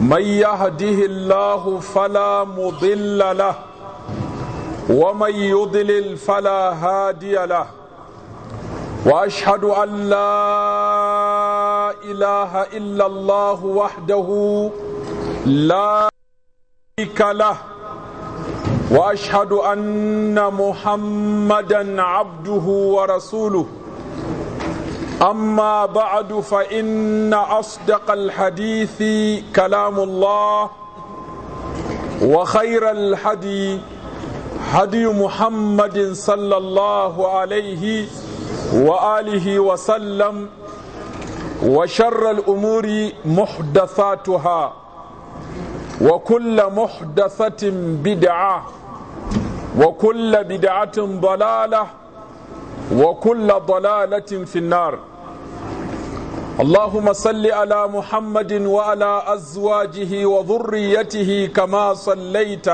من يهده الله فلا مضل له ومن يضلل فلا هادي له واشهد ان لا اله الا الله وحده لا شريك له واشهد ان محمدا عبده ورسوله أما بعد فإن أصدق الحديث كلام الله وخير الحدي هدي محمد صلى الله عليه وآله وسلم وشر الأمور محدثاتها وكل محدثة بدعة وكل بدعة ضلالة وكل ضلالة في النار اللهم صل على محمد وعلى أزواجه وذريته كما صليت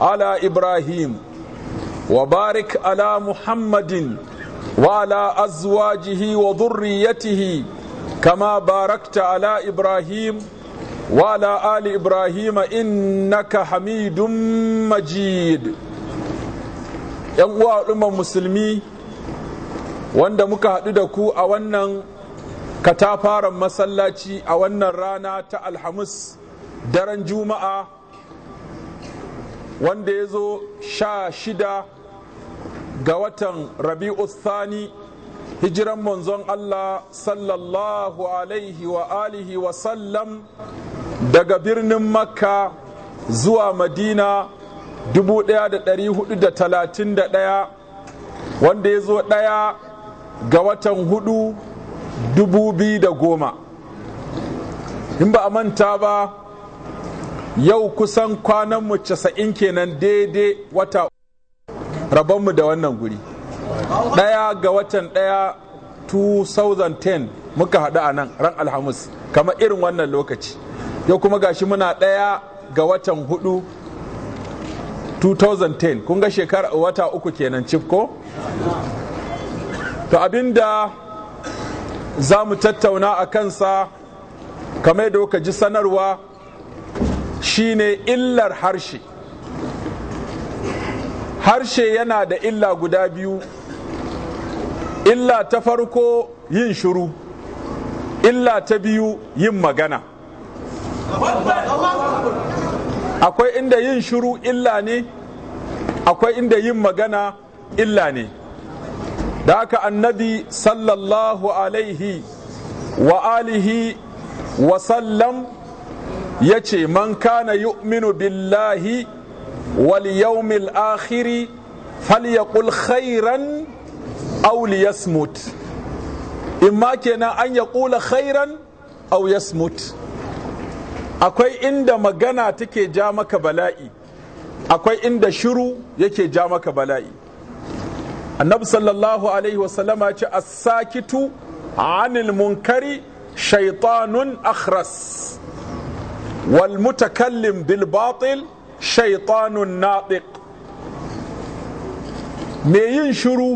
على إبراهيم وبارك على محمد وعلى أزواجه وذريته كما باركت على إبراهيم وعلى آل إبراهيم إنك حميد مجيد يا أمة مسلمين wanda muka haɗu da ku a wannan katafaren masallaci a wannan rana ta alhamis daren juma'a wanda ya zo sha shida ga watan rabi'u thani hijiran manzon Allah sallallahu alaihi wa alihi wa sallam daga birnin makka zuwa madina 1431 wanda ya zo ɗaya ga watan hudu dubu biyu da goma in ba a manta ba yau kusan kwananmu casa'in kenan daidai wata rabonmu da wannan guri ɗaya ga watan ɗaya 2010 muka haɗu a nan ran alhamis kamar irin wannan lokaci yau kuma gashi muna ɗaya ga watan hudu 2010 kun ga shekara wata uku kenan cif ko to abinda za mu tattauna a kansa kamar da kuka ji sanarwa shine illar harshe harshe yana da illa guda biyu illa ta farko yin shuru illa ta biyu yin magana akwai inda yin shuru illa ne akwai inda yin magana illa ne da haka annabi sallallahu alaihi wa alihi wa sallam ya ce man kana yu'minu billahi wal yawmil akhiri falyaqul khairan aw liyasmut imma kenan an yaqula khairan aw yasmut akwai inda magana take ja maka bala'i akwai inda shiru yake ja maka bala'i annabi sallallahu alaihi wasallama ce as-sakitu anil munkari shaitanun akhras wal mutakallim bil batil shaitanun natiq me yin shiru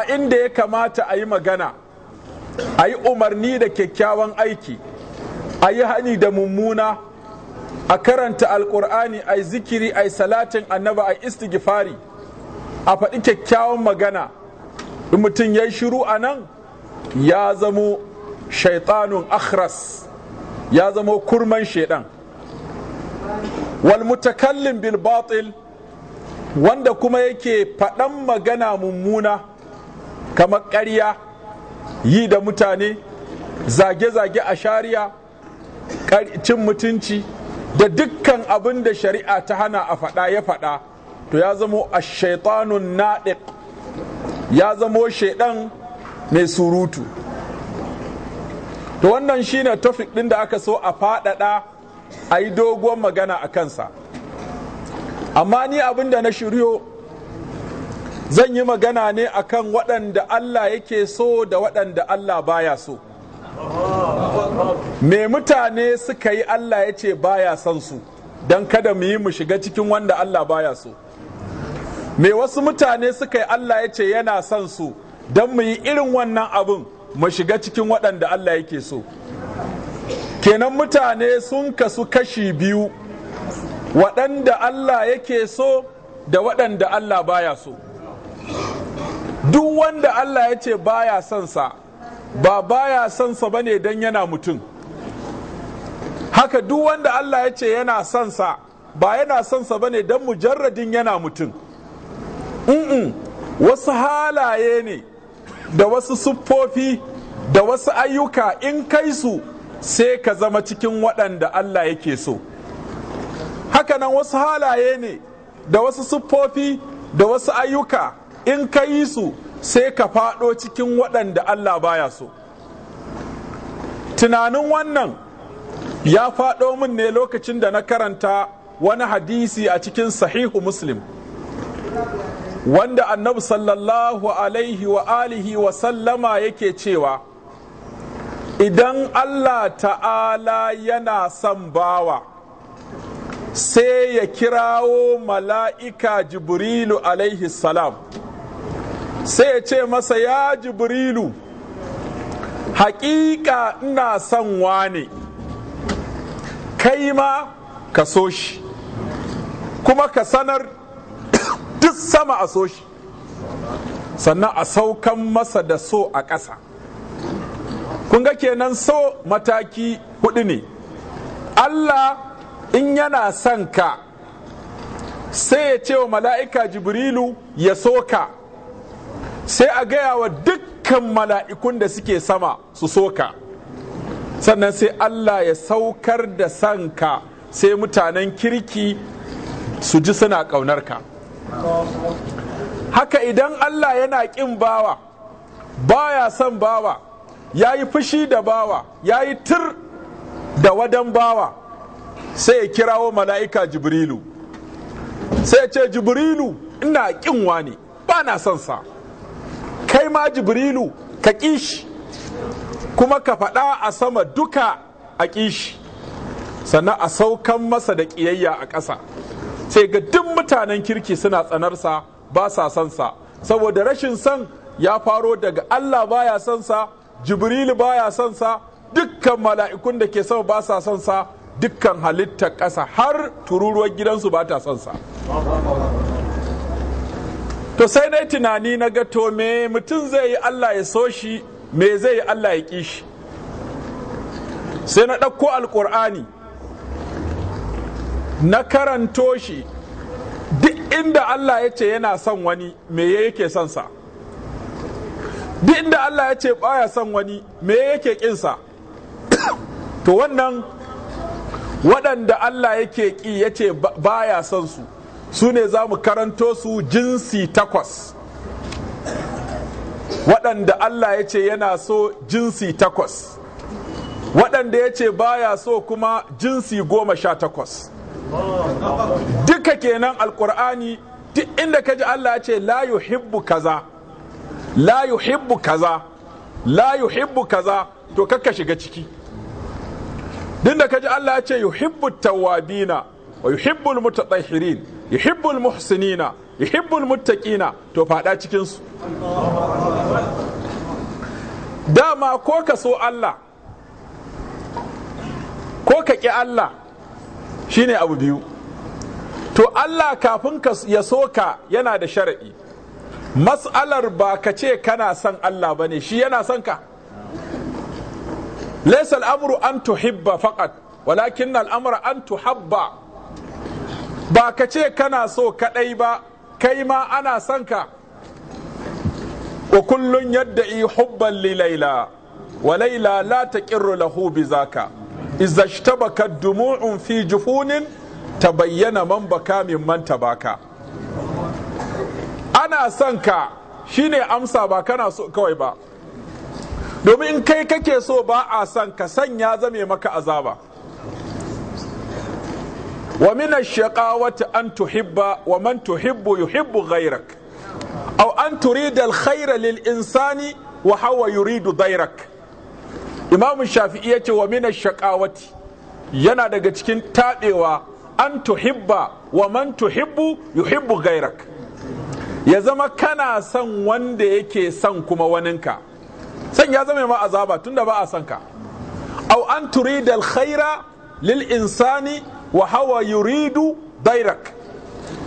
a inda ya kamata a yi magana a yi umarni da kyakkyawan aiki a yi hani da mummuna a karanta alkur'ani a yi zikiri a yi salatin annaba a yi istighfari a faɗi kyakkyawan magana in mutum ya yi shiru a nan ya zamo shaitanun akhras ya zamo kurman shaidan walmutakallin bilbatil wanda kuma yake faɗan magana mummuna kamar ƙarya yi da mutane zage-zage a shari'a cin mutunci da dukkan abin da shari'a ta hana a faɗa ya faɗa to ya zamo a shaitanun naɗiq ya zamo shaidan mai surutu to wannan shine tofik ɗin da aka so a faɗaɗa a yi doguwar magana a kansa amma ni abin da na shiryo zan yi magana ne akan waɗanda Allah yake so da waɗanda Allah baya so me mutane suka yi Allah ya ce baya son su don kada mu yi mu shiga cikin wanda Allah baya so me wasu mutane suka yi Allah ya ce yana son su don mu yi irin wannan abin mu shiga cikin waɗanda Allah yake so kenan mutane sun kasu kashi biyu waɗanda Allah yake so da waɗanda Allah baya so duk wanda Allah ya ce baya son sa ba baya son sa bane don yana mutum haka duk wanda Allah ya ce yana son sa ba yana son sa bane don mujarradin yana mutum wasu halaye ne da wasu siffofi da wasu ayyuka in kai su sai ka zama cikin waɗanda Allah yake so hakanan wasu halaye ne da wasu siffofi da wasu ayyuka in ka su sai ka faɗo cikin waɗanda Allah baya so tunanin wannan ya faɗo min ne lokacin da na karanta wani hadisi a cikin sahihu muslim wanda annabi sallallahu alaihi wa alihi wa sallama yake cewa idan Allah ta'ala yana son bawa sai ya kirawo mala'ika jibrilu alaihi salam sai ya ce masa ya jibrilu hakika ina son wane kai ma ka so shi kuma ka sanar duk sama a so shi sannan a saukan masa da so a ƙasa kun ga kenan so mataki hudu ne Allah in yana son ka sai ya ce wa mala'ika jibrilu ya so ka sai a gaya wa dukkan mala'ikun da suke sama su so ka sannan sai Allah ya saukar da son ka sai mutanen kirki su ji suna ƙaunar ka haka idan Allah yana ƙin bawa baya son bawa ya yi fushi da bawa ya yi tur da wadan bawa sai ya kirawo mala'ika jibrilu sai ya ce jibrilu ina ƙin wani ba na son sa kai ma jibrilu ka ƙishi kuma ka faɗa a sama duka a ƙishi sannan a saukan masa da ƙiyayya a ƙasa sai ga duk mutanen kirki suna tsanarsa ba sa sansa saboda rashin son ya faro daga Allah baya ya Jibrilu baya ya dukkan mala'ikun da ke sama ba sa sansa dukkan halitta ƙasa har tururuwar gidansu ba ta sansa to sai dai tunani na ga to me mutum zai yi Allah ya so shi me zai yi Allah ya kishi? sai na ɗauko alƙur'ani na karanto shi duk inda Allah ya ce yana son wani me yake son sa duk inda Allah ya ce baya son wani me yake kin sa to wannan waɗanda Allah yake ƙi ya ce baya son su su ne za mu karanto su jinsi takwas waɗanda Allah ya ce yana so jinsi takwas waɗanda ya ce baya so kuma jinsi goma sha takwas duka kenan alkur'ani duk inda ka ji Allah ce la yuhibbu kaza la yuhibbu kaza la yuhibbu kaza to kakka shiga ciki duk da ka ji Allah ce yuhibbu tawabina wa yuhibbu almutatahhirin yuhibbu almuhsinina yuhibbu almuttaqina to fada cikin su dama ko ka so Allah ko ka ƙi Allah shine abu biyu to Allah kafin ka ya soka yana da shari'i mas'alar ba ka ce kana son Allah ne? shi yana son ka laysa al'amru an tuhibba faqat walakin al'amra an tuhabba ba ka ce kana so kadai ba kai ma ana son ka wa kullun yadda'i hubban li laila wa laila la taqirru lahu bi zaka idza shtabaka dumu'un fi jufunin bayyana man baka manta baka. ana son ka shine amsa ba kana so kawai ba domin in kai kake so ba a son ka sanya zame maka azaba wa min ash-shaqawati an tuhibba wa man tuhibbu yuhibbu ghayrak aw an turida al-khayra lil insani wa huwa yuridu dayrak imam shafi'i ya ce wa mina shaqawati yana daga cikin taɓewa an tuhibba wa man tuhibbu yuhibbu gairak ya zama kana son wanda yake son kuma waninka san ya zama ma azaba tunda ba a son ka au an turida alkhaira lil insani wa hawa yuridu dairak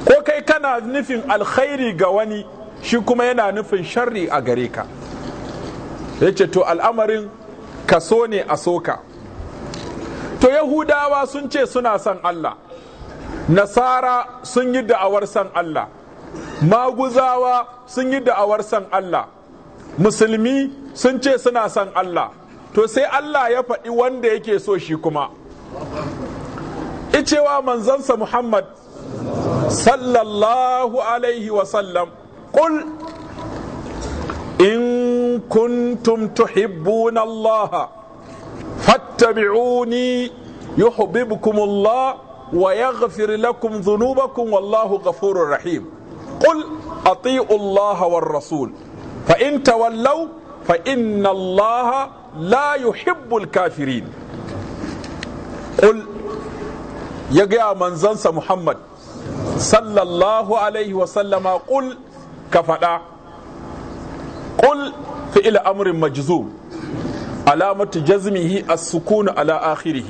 ko kai kana nufin alkhairi ga wani shi kuma yana nufin sharri a gare ka yace to al'amarin ka so ne a soka to yahudawa sun ce suna son Allah nasara sun yi da'awar son Allah maguzawa sun yi da'awar son Allah musulmi sun ce suna son Allah to sai Allah ya faɗi wanda yake so shi kuma icewa manzansa Muhammad sallallahu alaihi wasallam ƙul in كنتم تحبون الله فاتبعوني يحببكم الله ويغفر لكم ذنوبكم والله غفور رحيم قل أطيعوا الله والرسول فإن تولوا فإن الله لا يحب الكافرين قل يجي من زنس محمد صلى الله عليه وسلم قل كفلا قل fi'il amrin majzum alamatu jazmihi as-sukun ala akhirih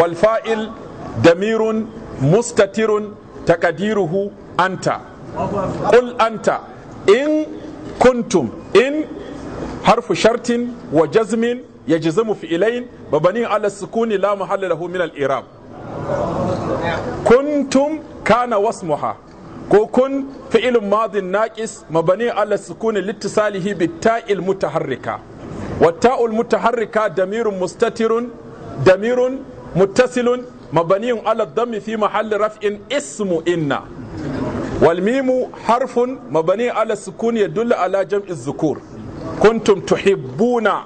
wal fa'il damirun mustatirun taqdiruhu anta qul anta in kuntum in harfu shartin wa jazmin يجزم في إلين مبني على السكون لا محل له من الإعراب كنتم كان واسمها ko kun fi'ilin madin naqis mabani ala sukuni littisalihi bi ta'il mutaharrika wa ta'ul mutaharrika damirun mustatirun damirun muttasilun mabani ala dhammi fi mahalli raf'in ismu inna wal mimu harfun mabani ala sukuni yadullu ala jam'i zukur Kuntun tuhibbuna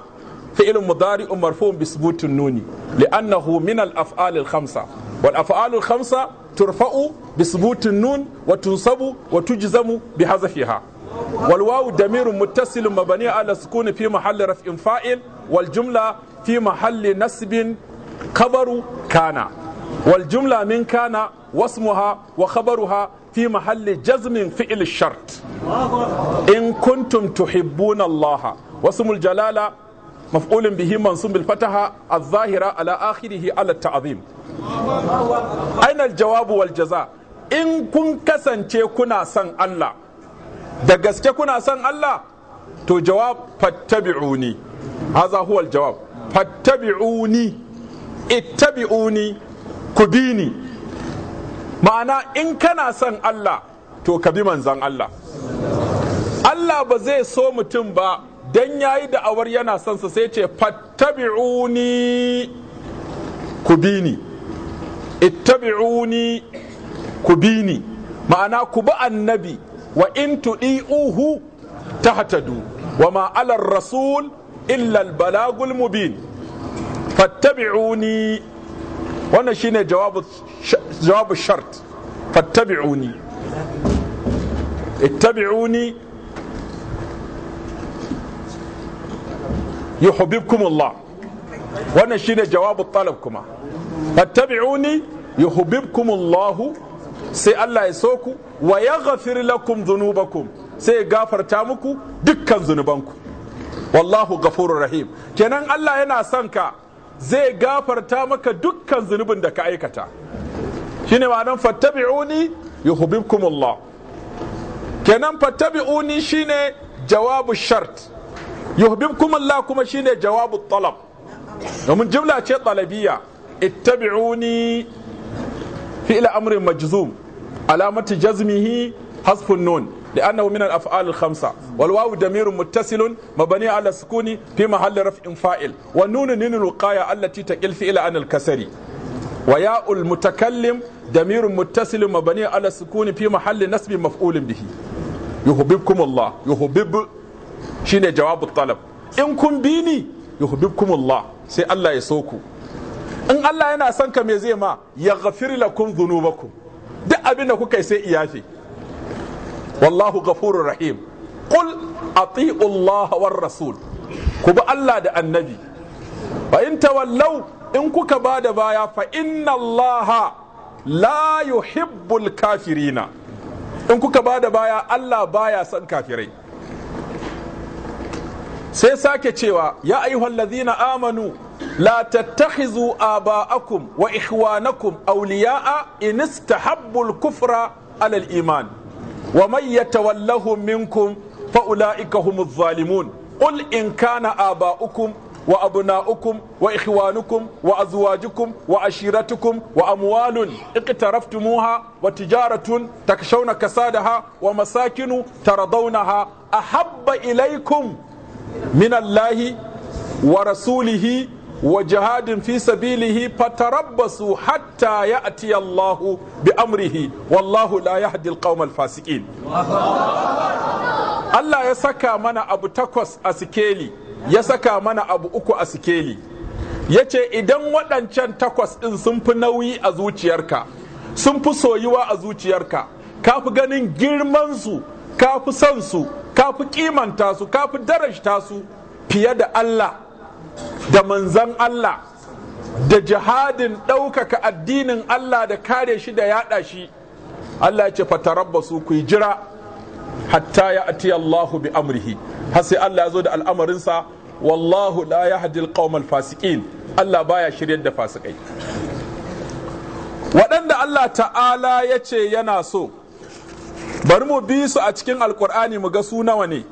fi'ilun mudari'un marfu'un bi nuni li'annahu min al af'al al khamsa wal af'al al khamsa turfa'u bi subutin nun wa tunsabu wa tujzamu bi hazafiha wal wawu damirun muttasilun mabani ala sukuni fi mahalli raf'in fa'il wal jumla fi mahalli nasbin kabaru kana wal jumla min kana wasmuha wa khabaruha fi mahalli jazmin fi'il shart. In kuntum tuhibbunallaha الله واسم jalala. mafulin bihi mansum bil fataha az-zahira ala akhirih ala ta'zim aina al-jawab wal jaza in kun kasance kuna san Allah da gaske kuna san Allah to jawab fattabi'uni haza huwa al-jawab fattabi'uni ittabi'uni kubini ma'ana in kana san Allah to ka bi manzan Allah Allah ba zai so mutum ba dan yayi da'awar yana son sa sai ce fattabi'uni ku bi ni ittabi'uni ku bi ni ma'ana ku bi annabi wa in tudi'uhu tahtadu wa ma 'ala ar-rasul illa al-balagul mubin fattabi'uni wannan shine jawabu jawabu shart fattabi'uni ittabi'uni yuhibbukumullah wannan shine jawabu talab kuma fattabi'uni yuhibbukumullahu sai Allah ya so ku wa yaghfir lakum dhunubakum sai ya gafarta muku dukkan zunubanku wallahu gafuru rahim kenan Allah yana son ka zai gafarta maka dukkan zunubin da ka aikata shine ma'anar fattabi'uni yuhibbukumullah kenan fattabi'uni shine jawabu shart yuhibbukum Allah kuma shine jawabu talab domin jumla ce talabiya ittabi'uni fi ila amrin majzum alamati jazmihi hasfu nun li'annahu min al-af'al al-khamsa wal wawu damirun muttasilun mabni ala sukuni fi mahalli raf'in fa'il wa nun nun al-qaya allati taqil fi ila an al-kasri wa ya'u al-mutakallim damirun muttasilun mabni ala sukuni fi mahalli nasbi maf'ul bihi yuhibbukum shine jawabu talab in kun bi ni yuhibbukumullah sai Allah ya so ku in Allah yana son ka me zai ma ya ghafir lakum dhunubakum duk abin da kuka yi sai iyafi wallahu ghafurur rahim qul ati'u Allah war rasul ku bi Allah da annabi fa in tawallaw in kuka bada baya fa inna Allah la yuhibbul kafirina in kuka bada baya Allah baya son kafirai sai sake cewa ya ayyuhal ladhina amanu la tattakhizu aba'akum wa ikhwanakum awliya'a in istahabbu al-kufra 'ala al-iman wa man yatawallahum minkum fa ulaika humuz zalimun qul in kana aba'ukum wa abna'ukum wa ikhwanukum wa azwajukum wa ashiratukum wa amwalun iqtaraftumuha wa tijaratun takshawna kasadaha wa masakinu taradawnaha ahabba ilaykum minallahi wa rasulihi wa jihadin fi sabilihi fatarabbasu hatta ya'ti Allahu bi amrihi wallahu la yahdi alqawmal fasiqin Allah ya saka mana abu takwas a sikeli ya saka mana abu uku a sikeli yace idan waɗancan takwas ɗin sun fi nauyi a zuciyarka sun fi soyuwa a zuciyarka ka fi ganin girmansu ka fi son su ka fi kimanta su ka fi darajta su fiye da Allah da manzan Allah da jihadin ɗaukaka addinin Allah da kare shi da yaɗa shi Allah ya ce su ku yi jira hatta ya ati Allahu bi amrihi har Allah ya zo da al'amarinsa wallahu la hadi al fasikin, Allah baya shiryar da fasikai waɗanda Allah ta'ala ya ce yana so bari mu bi su a cikin alkur'ani mu ga su nawa ne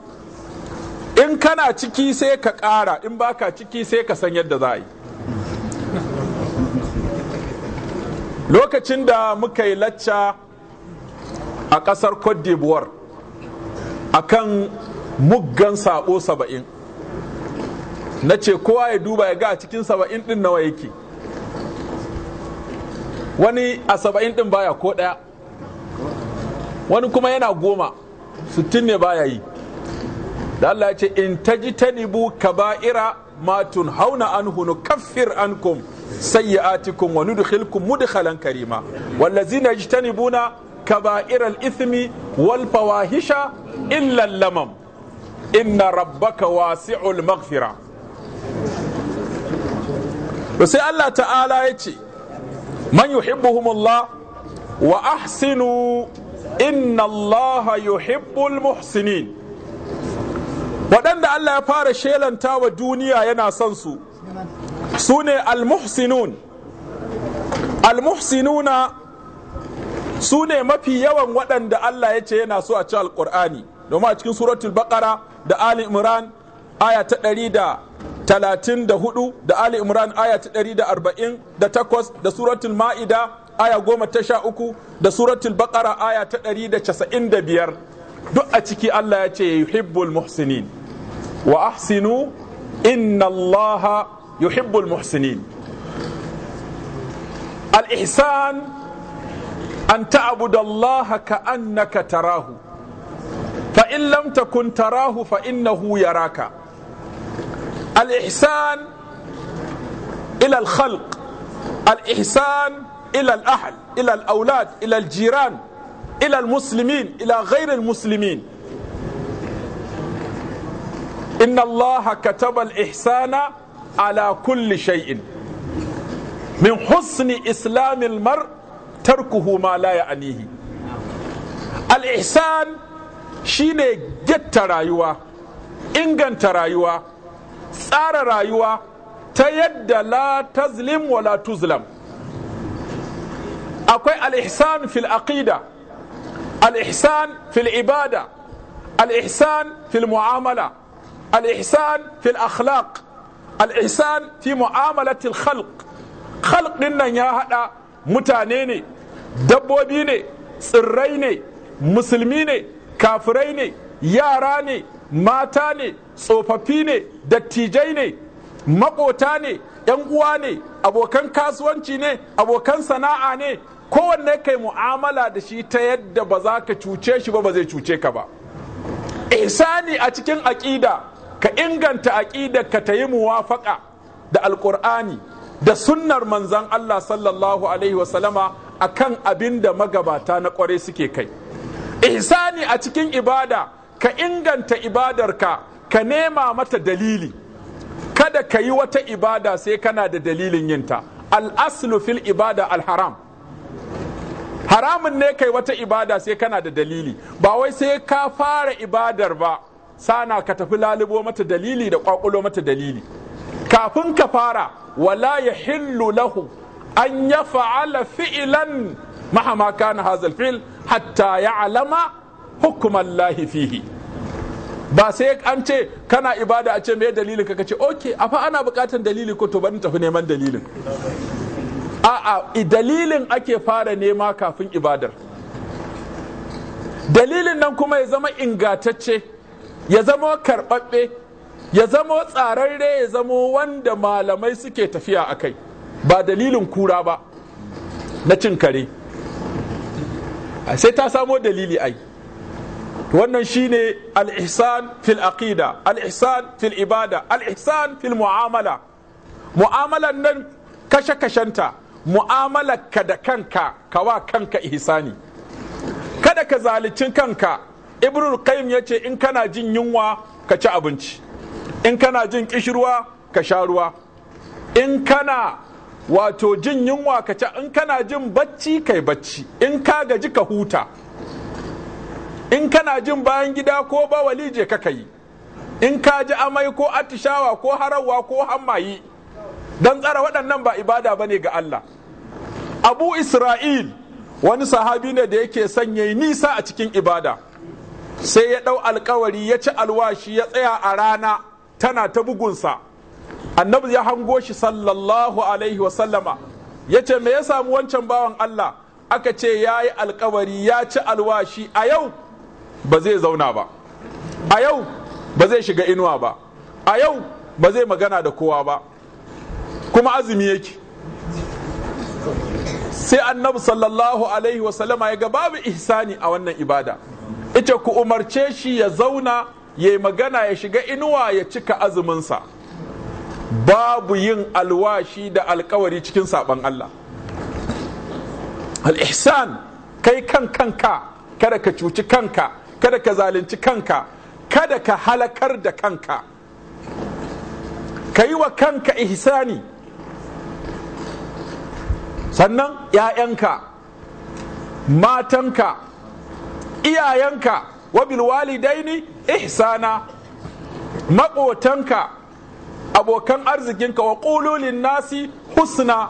in kana ciki sai ka ƙara in baka ciki sai ka san yadda za a yi lokacin da muka yi lacca a ƙasar cote d'ivoire a kan muggan sabo saba'in na ce kowa ya duba ya ga a cikin saba'in ɗin nawa yake wani a saba'in ɗin baya ko ɗaya wani kuma yana goma sittin ne baya yi da Allah ya ce in tajtanibu kaba'ira matun hauna anhu nukaffir ankum sayyi'atikum wa nudkhilkum mudkhalan karima wallazina yajtanibuna kaba'ira al-ithmi wal fawahisha illa lamam inna rabbaka wasi'ul maghfira to sai Allah ta'ala ya ce man yuhibbuhumullah wa ahsinu inna allaha yuhibbul muhsinin waɗanda Allah ya fara shelanta wa duniya yana son su sune ne almuhsinun almuhsinuna su mafi yawan waɗanda Allah ya ce yana so a ci alƙur'ani domin a cikin suratul baƙara da ali imran aya ta ɗari da talatin da hudu da ali imran aya ta ɗari da arba'in da takwas da suratul ma'ida aya goma ta sha uku da suratul baqara aya ta ɗari da casa'in da biyar duk a ciki Allah ya ce yuhibbul muhsinin wa ahsinu inna Allaha yuhibbul muhsinin al-ihsan an ta'budu Allah ka annaka tarahu fa in lam takun tarahu fa innahu yaraka al-ihsan ila al-khalq al-ihsan إلى الأهل إلى الأولاد إلى الجيران إلى المسلمين إلى غير المسلمين إن الله كتب الإحسان على كل شيء من حسن إسلام المرء تركه ما لا يعنيه الإحسان shine getta rayuwa inganta rayuwa tsara rayuwa ta yadda la tazlim wa la tuzlam akwai al-ihsan fil aqida al-ihsan fil ibada al-ihsan fil mu'amala al-ihsan fil akhlaq al-ihsan fi mu'amalatil khalq khalq din nan ya haɗa mutane ne dabbobi ne tsirrai ne musulmi ne kafirai ne yara ne mata ne tsofaffi ne dattijai ne maƙota ne ‘yan uwa ne abokan kasuwanci ne abokan sana'a ne kowanne kai mu'amala da shi ta yadda ba za ka cuce shi ba ba zai cuce ka ba ihsani a cikin aƙida ka inganta aƙida ka ta yi muwafaƙa da alƙur'ani da sunnar manzan Allah sallallahu alaihi wasallama a kan abin da magabata na ƙware suke kai ihsani a cikin ibada ka inganta ibadarka ka nema mata dalili kada ka yi wata ibada sai kana da dalilin yinta al-aslu fil ibada al-haram haramun ne kai wata ibada sai kana da dalili ba wai sai ka fara ibadar ba sana ka tafi lalubo mata dalili da kwakulo mata dalili kafin ka fara wala ya hillu lahu an ya fa'ala fi'ilan mahama na hazal fil. hatta ya alama hukuman lahi fihi ba sai an ce kana ibada a ce me dalilin ka ce oke a fa ana bukatan dalili ko to ban tafi neman dalilin a'a dalilin ake fara nema kafin ibadar dalilin nan kuma ya zama ingatacce ya zama karɓaɓɓe ya zama tsararre ya zama wanda malamai suke tafiya a kai ba dalilin kura ba na cin kare sai ta samo dalili ai wannan shine al-ihsan fil aqida al-ihsan fil ibada al-ihsan fil mu'amala mu'amalan nan kashe-kashenta ka da kanka kawa kanka ihsani kada ka zalicin kanka ibrul qayyim yace in kana jin yunwa ka ci abinci in kana jin kishirwa ka sha ruwa in kana wato jin yunwa ka ci in kana jin bacci kai bacci in ka gaji ka huta in kana jin bayan gida ko ba walije ka kai in ka ji amai ko atishawa ko harawa ko hammayi dan tsara waɗannan ba ibada ba ne ga Allah abu isra'il wani sahabi ne da yake sanya nisa a cikin ibada sai ya ɗau alkawari ya ci alwashi ya tsaya a rana tana ta bugunsa annabi ya hango shi sallallahu alaihi wasallama ya ce me ya samu wancan bawan allah aka ce ya yi alkawari ya ci alwashi a yau ba zai zauna ba a yau ba zai shiga inuwa ba a yau ba zai magana da kowa ba kuma azumi yake sai annabi sallallahu alaihi wasallama ya ga babu ihsani a wannan ibada ita ku umarce shi ya zauna ya yi magana ya shiga inuwa ya cika azuminsa babu yin alwashi da alkawari cikin saɓan Allah al-ihsan kai kan kanka kada ka cuci kanka kada ka zalunci kanka kada ka halakar da kanka ka yi wa kanka ihsani sannan ‘ya'yanka matanka iyayenka wabil walidaini ihsana maƙotanka abokan arzikinka wa ƙulolin nasi husna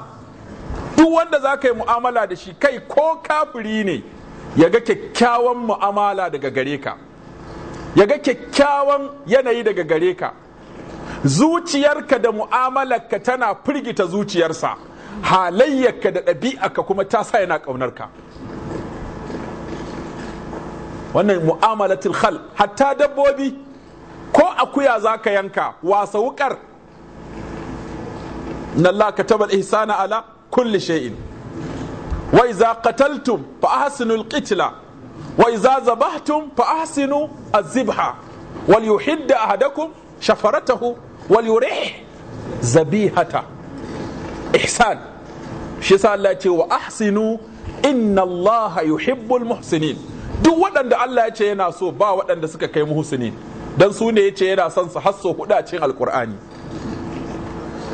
duk wanda za ka yi mu'amala da shi kai ko kafiri ne ya ga kyakkyawan mu'amala daga gare ka ya ga kyakkyawan yanayi daga gare ka zuciyarka da mu'amalarka tana firgita zuciyarsa halayyarka da ɗabi'arka kuma ta sa yana ƙaunar ka wannan mu'amalatul khal hatta dabbobi ko akuya za ka yanka wasa wukar na Allah ka tabar ihsana ala kulli shay'in wa idza qataltum fa ahsinul qitla wa idza zabahtum fa ahsinu az wal yuhidda ahadakum shafaratahu wal yurih zabihata ihsan shi sa Allah ce wa ahsinu inna Allah yuhibbul muhsinin duk waɗanda Allah ya ce yana so ba waɗanda suka kai muhsinin dan su ne yace yana son su hasso kuɗa cikin alkur'ani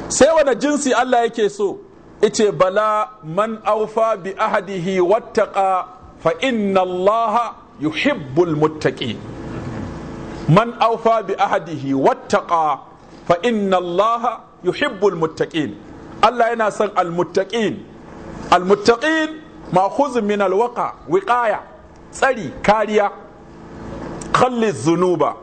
sai wani jinsi Allah yake so yace bala man aufa bi ahadihi wattaqa fa inna allaha yuhibbul muttaqi man aufa bi ahadihi wattaqa fa inna yuhibbul muttaqin Allah yana son almuttaqin almuttaqin ma'khuzun min alwaqa wiqaya tsari kariya khalli zunuba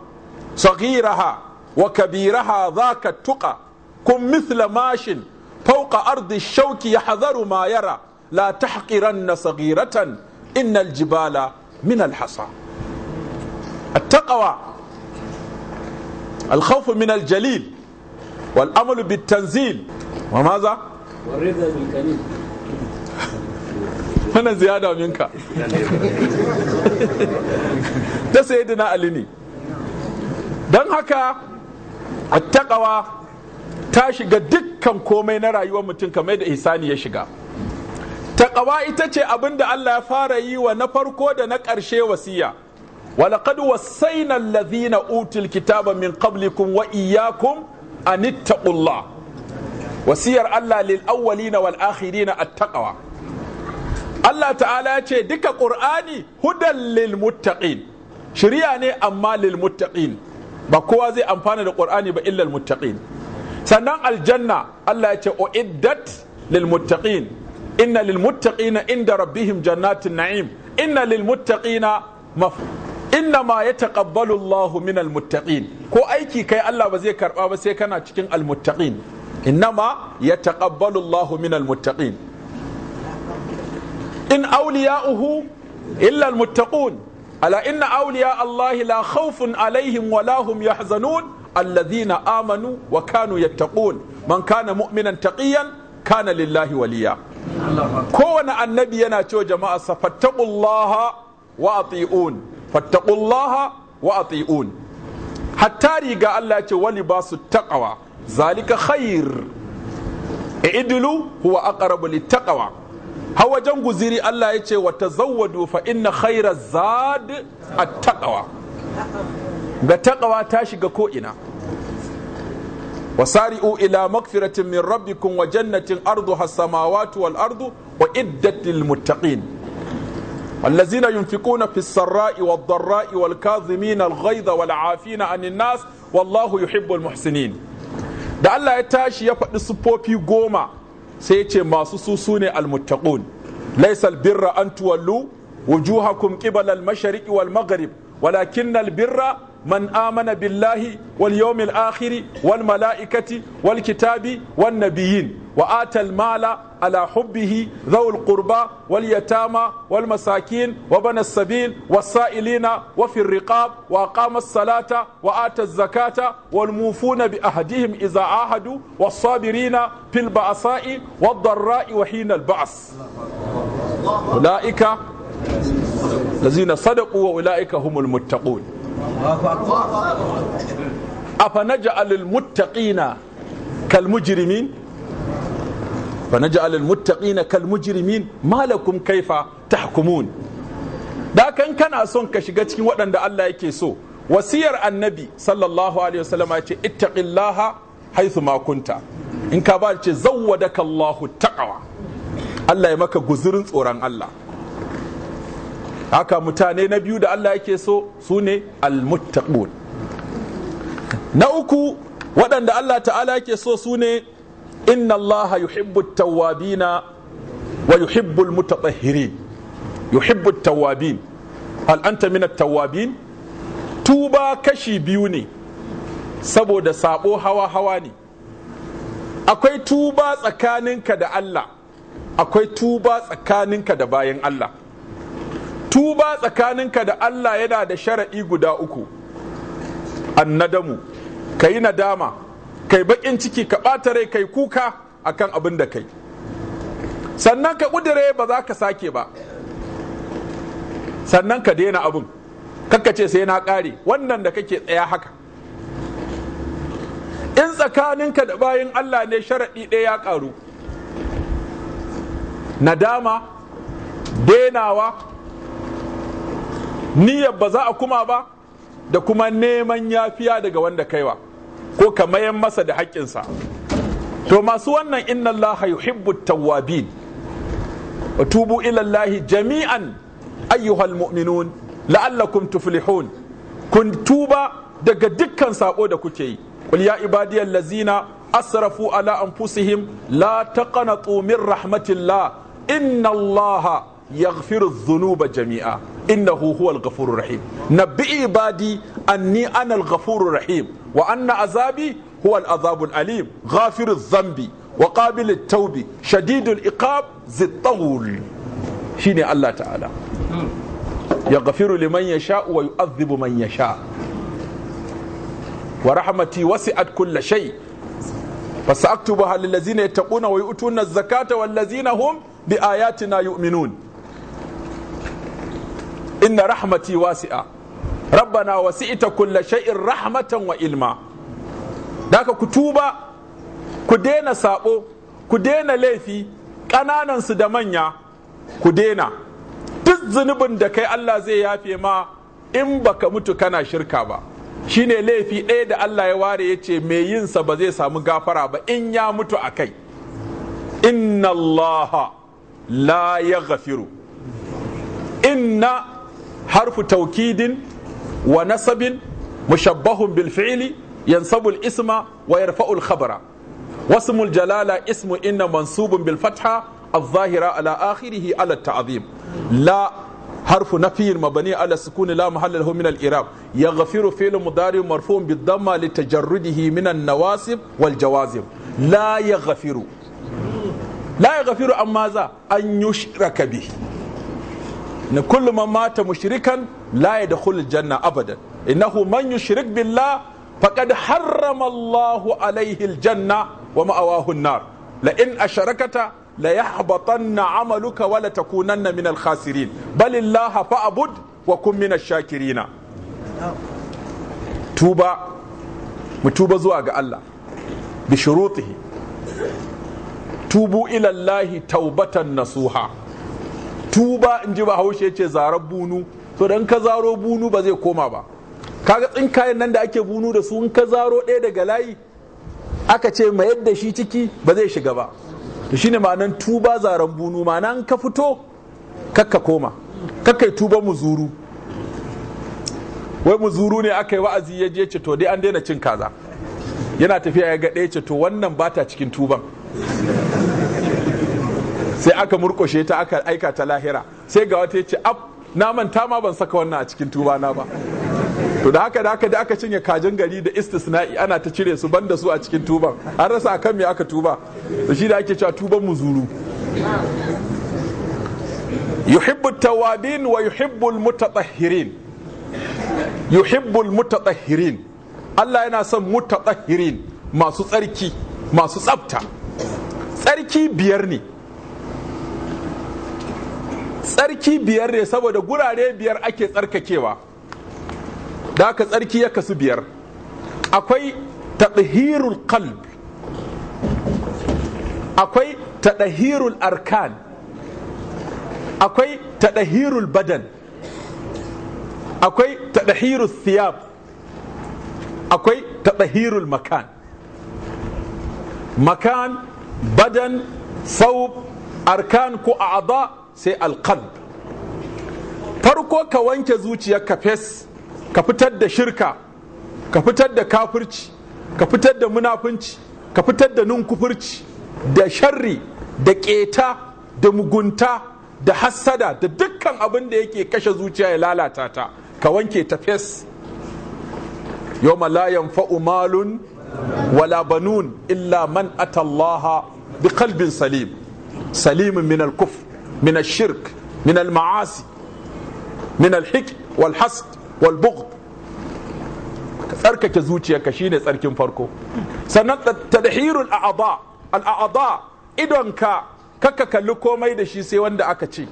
saghiraha wa kabiraha dhaka tuqa kum mithla mashin fawqa ardi shauki yahzaru ma yara la tahqiranna saghiratan innal jibala min alhasa التقوى الخوف من الجليل والأمل بالتنزيل وماذا والرضا بالكريم wannan ziyada minka ta sayyidina ali ne don haka attaqawa ta shiga dukkan komai na rayuwar mutum kamar da ihsani ya shiga taqawa ita ce abin da Allah ya fara yi wa na farko da na ƙarshe wasiya ولقد وصينا na util kitaba min قبلكم وإياكم أن اتقوا wasiyar Allah lil na wal na attaqwa Allah ta'ala ya ce duka ƙur'ani hudan lil muttaqin ne amma lil muttaqin ba kowa zai amfana da ƙur'ani ba illa muttaqin sannan aljanna Allah ya ce uiddat lil muttaqin inna lil muttaqina inda rabbihim jannatin na'im inna lil muttaqina maf inna ma yataqabbalu Allahu min al muttaqin ko aiki kai Allah ba zai karba ba sai kana cikin al muttaqin innama yataqabbalu Allahu minal muttaqin in awliya'uhu illa almuttaqun ala inna awliya Allahi la khawfun alaihim wa lahum yahzanun alladhina amanu wa kanu yattaqun man kana mu'minan taqiyan kana lillahi waliya kowane annabi yana cewa jama'a sa fattaqullaha wa ati'un fattaqullaha wa ati'un hatta riga Allah ce wali basu taqwa zalika khair i'dilu huwa aqrabu littaqwa har wajen guziri Allah ya ce wa tazawwadu fa inna khaira zad at ga taqwa ta shiga ko ina wasari'u ila magfiratin min rabbikum wa jannatin arduha as-samawati wal ardu wa iddatil lil muttaqin الذين ينفقون في السراء والضراء والكاظمين الغيظ والعافين عن الناس والله يحب المحسنين da Allah ya tashi ya faɗi siffofi goma sai ya ce masu su su ne almuttaqun laysal birra an tuwallu wujuhakum qibala al-mashariqi wal maghrib walakin al-birra من آمن بالله واليوم الآخر والملائكة والكتاب والنبيين وآتى المال على حبه ذو القربى واليتامى والمساكين وبنى السبيل والسائلين وفي الرقاب وأقام الصلاة وآتى الزكاة والموفون بأهدهم إذا عاهدوا والصابرين في البعصاء والضراء وحين البعث أولئك الذين صدقوا وأولئك هم المتقون afa naj'al almuttaqina kalmujrimin fa naj'al almuttaqina kalmujrimin kaifa da kan kana son ka shiga cikin waɗanda Allah yake so wasiyar annabi sallallahu alaihi wasallam ya ce ittaqillaha haythu ma kunta in ka ba ce zawwadaka Allahu taqwa Allah ya maka guzurin tsoron Allah haka mutane na biyu da Allah yake so su ne almuttaqun na uku waɗanda Allah ta'ala yake so su ne inna Allah yuhibbu tawabina wa yuhibbu almutatahhirin yuhibbu tawabin hal anta min tawabin tuba kashi biyu ne saboda sabo hawa hawa ne akwai tuba tsakaninka da Allah akwai tuba tsakaninka da bayan Allah tuba tsakaninka da Allah yana da shara'i guda uku annadamu ka yi nadama kai bakin ciki ka ɓata rai kai kuka akan abin da kai sannan ka ƙudure ba za ka sake ba sannan ka daina abin kakka ce sai na ƙare wannan da kake tsaya haka in tsakaninka da bayan Allah ne sharaɗi ɗaya ya ƙaru nadama denawa niyyar ba za a kuma ba da kuma neman yafiya daga wanda kaiwa ko ka mayan masa da haƙƙinsa to masu wannan inna allaha yuhibbu tawwabin wa tubu ila allahi jami'an ayyuhal mu'minun la'allakum tuflihun kun tuba daga dukkan sako da kuke yi qul ya ibadiyal lazina asrafu ala anfusihim la taqanatu min rahmatillah inna allaha yaghfiru dhunuba jami'a innahu huwal ghafurur rahim nabbi ibadi anni ana al-ghafurur rahim wa anna azabi huwal azabul alim ghafiruz zambi wa qabilut tawbi shadidul iqab zittawul shine Allah ta'ala ya gafiru liman ya sha wa yu'adhibu man ya sha wa rahmati wasi'at kulla shay ba lil ladzina yattaquna wa yu'tuna az-zakata wal ladzina hum bi ayatina yu'minun inna rahmati wasi'a rabbana wasi'ta kulla shay'in rahmatan wa ilma daka ku tuba ku daina sabo ku daina laifi kananan su da manya ku daina duk zunubin da kai Allah zai yafe ma in baka mutu kana shirka ba shine laifi ɗaya da Allah ya ware ya ce mai yinsa ba zai samu gafara ba in ya mutu a kai inna allaha la ya gafiru inna harfu taukidin wa nasabin mushabbahun bil fi'li yansabu al isma wa yarfa'u al khabara واسم الجلالة اسم إن منصوب بالفتحة الظاهرة على آخره على التعظيم لا حرف نفي مبني على السكون لا محل له من الإعراب يغفر فعل مضارع مرفوع بالضمة لتجرده من النواسب والجوازم لا يغفر لا يغفر عن ماذا أن يشرك به na kullu mata mushirikan la yadkhulul janna abadan innahu man yushrik billah faqad harrama Allahu janna aljanna wa ma'awahu an-nar la in asharakata la yahbatanna 'amaluka wa la takunanna min al-khasirin bal illaha fa'bud wa kun min ash-shakirina tuba zuwa ga Allah bi shurutihi tubu ila Allah taubatan nasuha tuba in ji bahaushe haushe ce zarar bunu to dan ka zaro bunu ba zai koma ba kaga tsinkayen nan da ake bunu da su in ka zaro ɗaya daga layi aka ce ma yadda shi ciki ba zai shiga ba to shine ma'anan tuba zaren bunu ma'ana ka fito kakka koma yi tuba muzuru wai muzuru ne aka yi wa'azi ya je ce to dai an daina cin kaza yana tafiya ya ga ɗaya ce to wannan bata cikin tuban sai aka murkushe ta aka aika ta lahira sai ga wata yace ab na manta ma ban saka wannan a cikin tuba na ba to da haka da haka da aka cinye kajin gari da istisna'i ana ta cire su banda su a cikin tuban an rasa akan me aka tuba to shi da ake cewa tuban muzuru yuhibbu tawabin wa yuhibbu almutatahhirin yuhibbu almutatahhirin Allah yana son mutatahhirin masu tsarki masu tsafta tsarki biyar ne tsarki biyar ne saboda gurare biyar ake tsarkakewa da aka tsarki ya kasu biyar akwai taɗahirul qalb akwai taɗahirul arkan akwai taɗahirul badan akwai taɗahirul siyaf. akwai taɗahirul makan makan badan saub arkan ko a'adha sai alqalb farko ka wanke zuciyarka fes ka fitar da shirka ka fitar da kafirci ka fitar da munafunci ka fitar da nunkufurci da sharri da keta da mugunta da hassada da dukkan abin da yake kashe zuciya ya lalata ta ka wanke ta fes yawma la yanfa'u walabanun wala illa man atallaha bi kalbin salim salimin min kufr من الشرك من المعاصي من الحق والحسد والبغض tsarkake zuciyarka shine tsarkin farko sannan tadhirul a'adha al a'adha idonka kaka kalli komai da sai wanda aka ce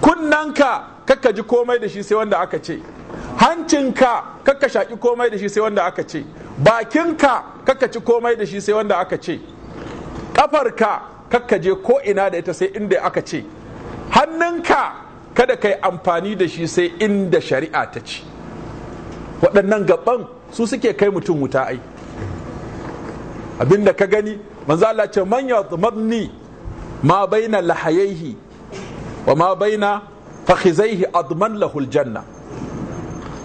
kunnanka kaka ji komai da shi sai wanda aka ce hancinka kaka shaki komai da sai wanda aka ce bakinka ci komai da sai wanda aka ce kafarka kakkaje ko ina da ita sai inda aka ce hannunka kada ka yi amfani da shi sai inda shari'a ta ce waɗannan gaban su suke kai mutum wuta ai abinda ka gani manzo Allah ce man yadmabni ma baina lahayaihi wa ma baina fakhizaihi adman lahu aljanna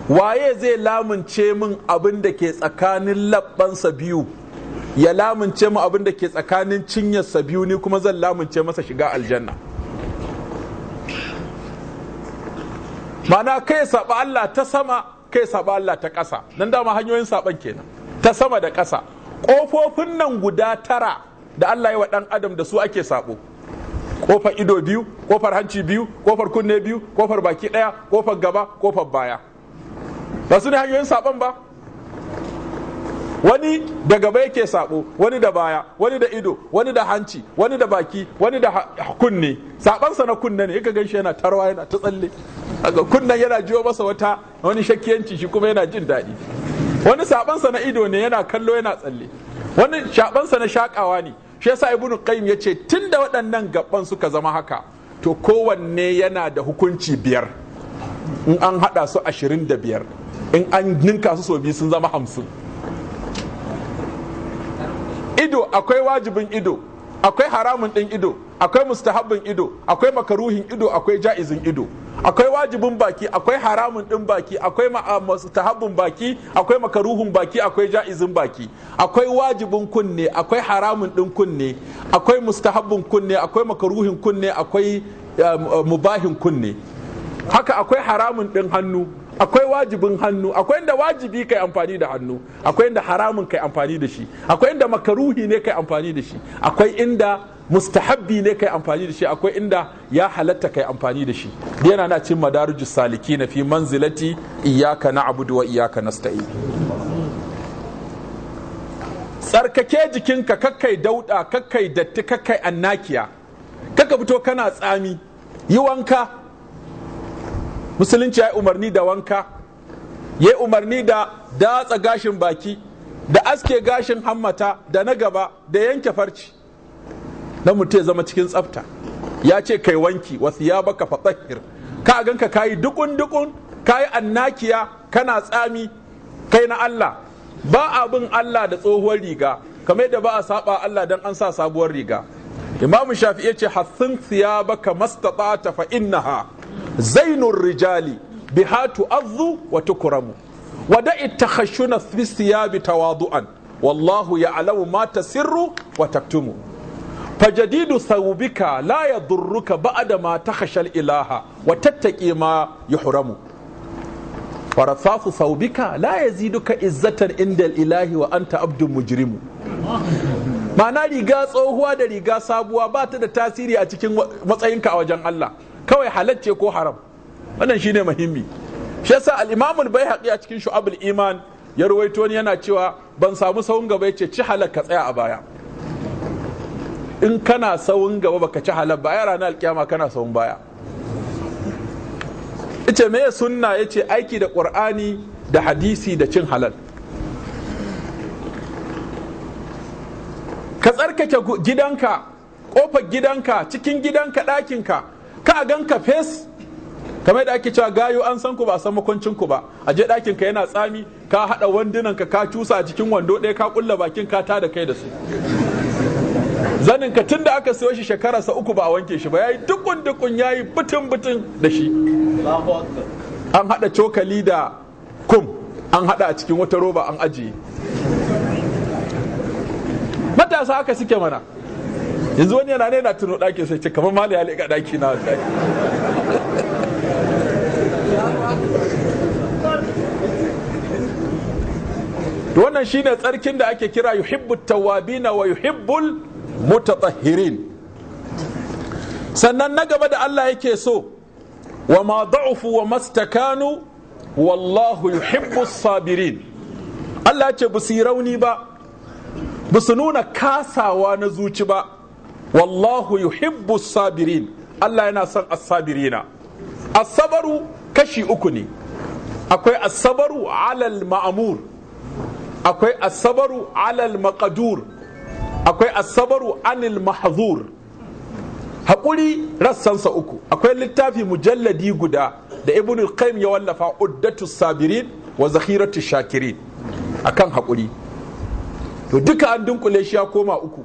waye zai lamunce min abin da ke tsakanin labbansa biyu ya lamunce mu abin da ke tsakanin cinyarsa biyu ni kuma zan lamunce masa shiga aljanna mana kai saba Allah ta sama kai saba Allah ta ƙasa nan dama hanyoyin saban kenan ta sama da ƙasa ƙofofin nan guda tara da Allah ya wa ɗan adam da su ake sabo ƙofar ido biyu ƙofar hanci biyu ƙofar kunne biyu kofar baki ɗaya kofar gaba kofar baya ba su ne hanyoyin saban ba wani da gaba yake sabo wani da baya wani da ido wani da hanci wani da baki wani da kunne sabansa na kunne ne ga ganshi yana tarwa yana ta tsalle daga kunnen yana jiwo masa wata wani shakiyanci shi kuma yana jin daɗi wani sabansa na ido ne yana kallo yana tsalle wani sabansa na shakawa ne shi yasa ibnu qayyim yace tunda waɗannan gaban suka zama haka to kowanne yana da hukunci biyar in an haɗa su ashirin da biyar in an ninka su so biyu sun zama hamsin ido akwai wajibin ido akwai haramun ɗin ido akwai mustahabbin ido akwai makaruhin ido akwai ja'izin ido akwai wajibin baki akwai haramun ɗin baki akwai ah, mustahabbin baki akwai makaruhun baki akwai ja'izin baki akwai wajibin kunne akwai haramun ɗin kunne akwai mustahabbin kunne akwai makaruhin kunne akwai ah, mubahin kunne haka akwai haramun ɗin hannu akwai wajibin hannu akwai inda wajibi kai amfani da hannu akwai inda haramun kai amfani da shi akwai inda makaruhi ne kai amfani da shi akwai inda mustahabbi ne kai amfani da shi akwai inda ya halatta kai amfani da shi yana na cin madarijus saliki na fi manzilati iyyaka na'budu wa iyyaka nasta'in tsarkake jikinka kakkai dauda kakkai datti kakkai annakiya kaka fito kana tsami yi wanka musulunci ya yi umarni da wanka ya umarni da datsa gashin baki da aske gashin hammata da na gaba da yanke farci na mutum ya zama cikin tsafta ya ce kai wanki wasu ya baka fatsakir ka ganka kayi dukun dukun kayi annakiya kana tsami kai na Allah ba abin Allah da tsohuwar riga kamar da ba a saba Allah don an sa sabuwar riga imamu shafi ya ce hathin thiyabaka mastata'ata fa innaha Zainun rijali biha tu'azzu wa tukuramu. wada ita takhashuna fi ta wadu'an. wallahu ya'lamu mata sirru wa taktumu fajadidu thawbika la ba'a da ma takhashal ilaha wa tattaqi ma yuhramu farafafu bika la ya duka izzatan indal ilahi wa anta abdun mujrimu ma'ana riga tsohuwa da riga sabuwa ba ta da tasiri a cikin matsayinka a wajen Allah kawai halacce ko haram wannan shi ne muhimmi shi yasa al'imamul bai haƙi a cikin Shu'abul Iman ya ruwaito ni yana cewa ban samu sawun gaba ya ce ci halar ka tsaya a baya in kana sawun gaba baka ci halar ba ai rana alkiyama kana sawun baya ce me sunna ya ce aiki da ƙur'ani da hadisi da cin halal ka tsarkake gidanka kofar gidanka cikin gidanka ɗakinka ka a ganka fes kamar da ake cewa gayo an san ku ba san makwancin ku ba a je ɗakinka yana tsami ka haɗa wandunanka ka ka cusa a cikin wando ɗaya ka ƙulla bakin ka ta da kai da su zanin ka tun da aka siyo shi shekara sa uku ba a wanke shi ba yayi dukun dukun yayi butun butun da shi an hada cokali da kum an hada a cikin wata roba an ajiye matasa haka suke mana yanzu wani yana ne na tuno ɗakin sai ce kamar mali ya leƙa na wannan shine tsarkin da ake kira yuhibbu tawabina wa yuhibbul mutatahhirin sannan na gaba da Allah yake so wa ma wa mastakanu wallahu yuhibbu sabirin Allah ce bu rauni ba bu su nuna kasawa na zuci ba wallahu yuhibbu sabirin Allah yana son as-sabirina as kashi uku ne akwai as-sabaru alal ma'amur akwai as-sabaru alal maqdur akwai asabaru anil mahzur haƙuri rassansa uku akwai littafi mujalladi guda da ibn qayyim ya wallafa uddatu sabirin wa zakhiratu shakirin akan haƙuri to duka an dunkule shi ya koma uku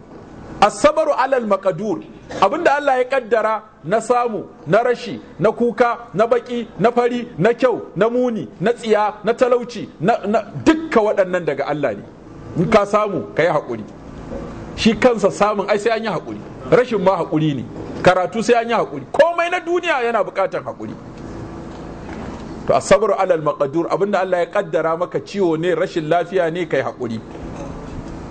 asabaru alal maqdur abinda Allah ya kaddara na samu na rashi na kuka na baki na fari na kyau na muni na tsiya na talauci na, na dukka waɗannan daga Allah ne in ka samu ka yi haƙuri shi kansa samun ai sai an yi haƙuri rashin ma haƙuri ne karatu sai an yi haƙuri komai na duniya yana buƙatar haƙuri to asabar alal maqdur abinda Allah ya kaddara maka ciwo ne rashin lafiya ne kai haƙuri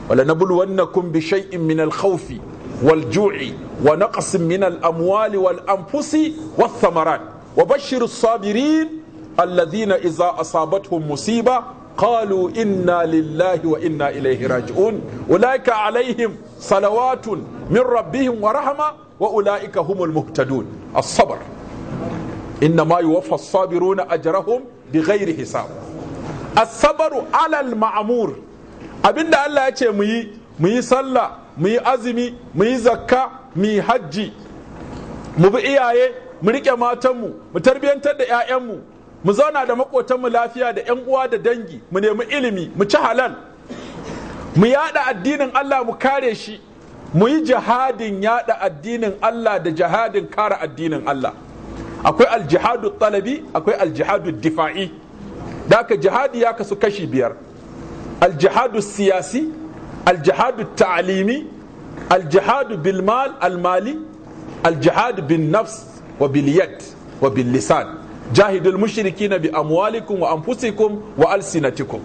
wala nabluwannakum bi shay'in min al khawfi wal ju'i wa naqsin min al amwali wal anfusi wath thamarat wa bashshir as sabirin alladhina idza asabatuhum musiba قالوا إنا لله وإنا إليه راجعون أولئك عليهم صلوات من ربهم ورحمة وأولئك هم المهتدون الصبر إنما يوفى الصابرون أجرهم بغير حساب الصبر على المعمور abinda Allah ya ce mu yi mu yi sallah mu yi azumi mu yi zakka mu yi hajji mu bi iyaye mu rike matanmu mu tarbiyantar da 'ya'yanmu mu zauna da makotanmu lafiya da 'yan uwa da dangi mu nemi ilimi mu ci halal mu yada addinin Allah mu kare shi mu yi jihadin yada addinin Allah da jihadin kare addinin Allah akwai aljihadu talabi akwai aljihadu difa'i da aka jihadi ya kasu kashi biyar aljihadu siyasi aljihadu ta'alimi aljihadu bilmal almali aljihadu bin nafs wa bil yad wa bil lisan jahidul na bi amwalikum wa anfusikum wa alsinatikum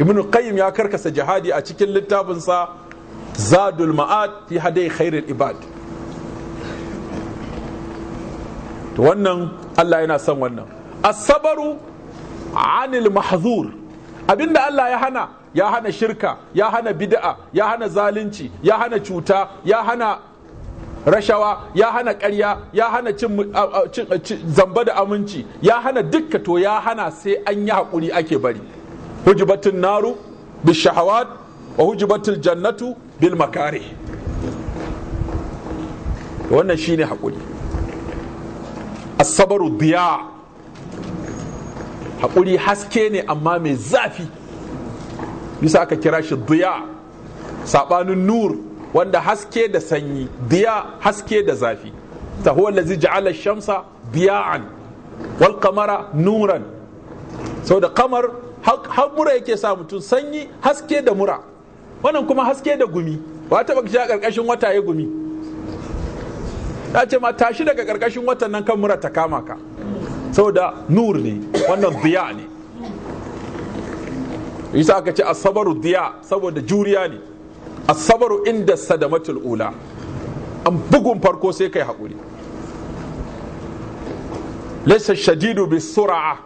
ibnu qayyim ya karkasa jihadi a cikin littafinsa zadul ma'ad fi hadai khairul ibad to wannan Allah yana son wannan Asabaru anil mahzur abinda Allah ya hana ya hana shirka ya hana bid'a ya hana zalunci ya hana cuta ya hana rashawa ya hana karya ya hana zamba da aminci ya hana dukka to ya hana sai an yi haƙuri ake bari hujubatin naru bil shahawat wa hujubatil jannatu bil makare wannan shine haƙuri asabaru diya haƙuri haske ne amma mai zafi bisa aka kira shi diya Sabanin nur wanda haske da sanyi diya haske da zafi ta huwa allazi ja'ala shamsa diya'an wal Kamara, nuran Sau da kamar har mura yake sa mutum sanyi haske da mura wannan kuma haske da gumi ba ta baki a karkashin wata ya gumi ta ce ma tashi daga karkashin watan nan kan mura ta kama ka Sau da nur ne wannan diya ne yasa aka ce asabaru diya saboda juriya ne asabaru inda sadamatul ula an bugun farko sai kai haƙuri laysa shadidu bi sura'a,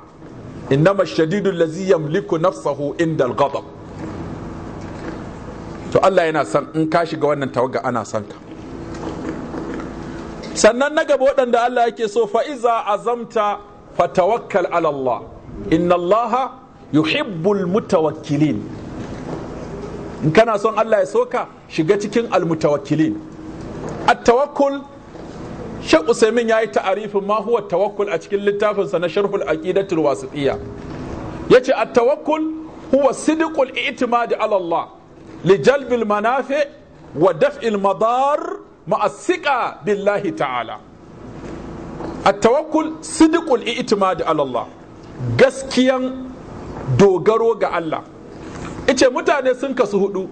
innama shadidu allazi yamliku nafsahu inda al-ghadab to Allah yana san in ka shiga wannan tawaga ana san ka sannan na gaba waɗanda Allah yake so fa'iza azamta fatawakkal ala Allah inna Allah yuhibbul mutawakkilin in kana son Allah ya soka shiga cikin almutawakkilin at-tawakkul Sheikh Usaimin yayi ta'arifin ma huwa tawakkul a cikin littafin sa na Sharhul Aqidatul Wasitiyya yace at-tawakkul huwa sidqul i'timadi ala Allah li jalbil manafi wa daf'il madar ma'a siqa billahi ta'ala at-tawakkul sidqul i'timadi ala Allah gaskiyan dogaro ga Allah ce mutane sun kasu hudu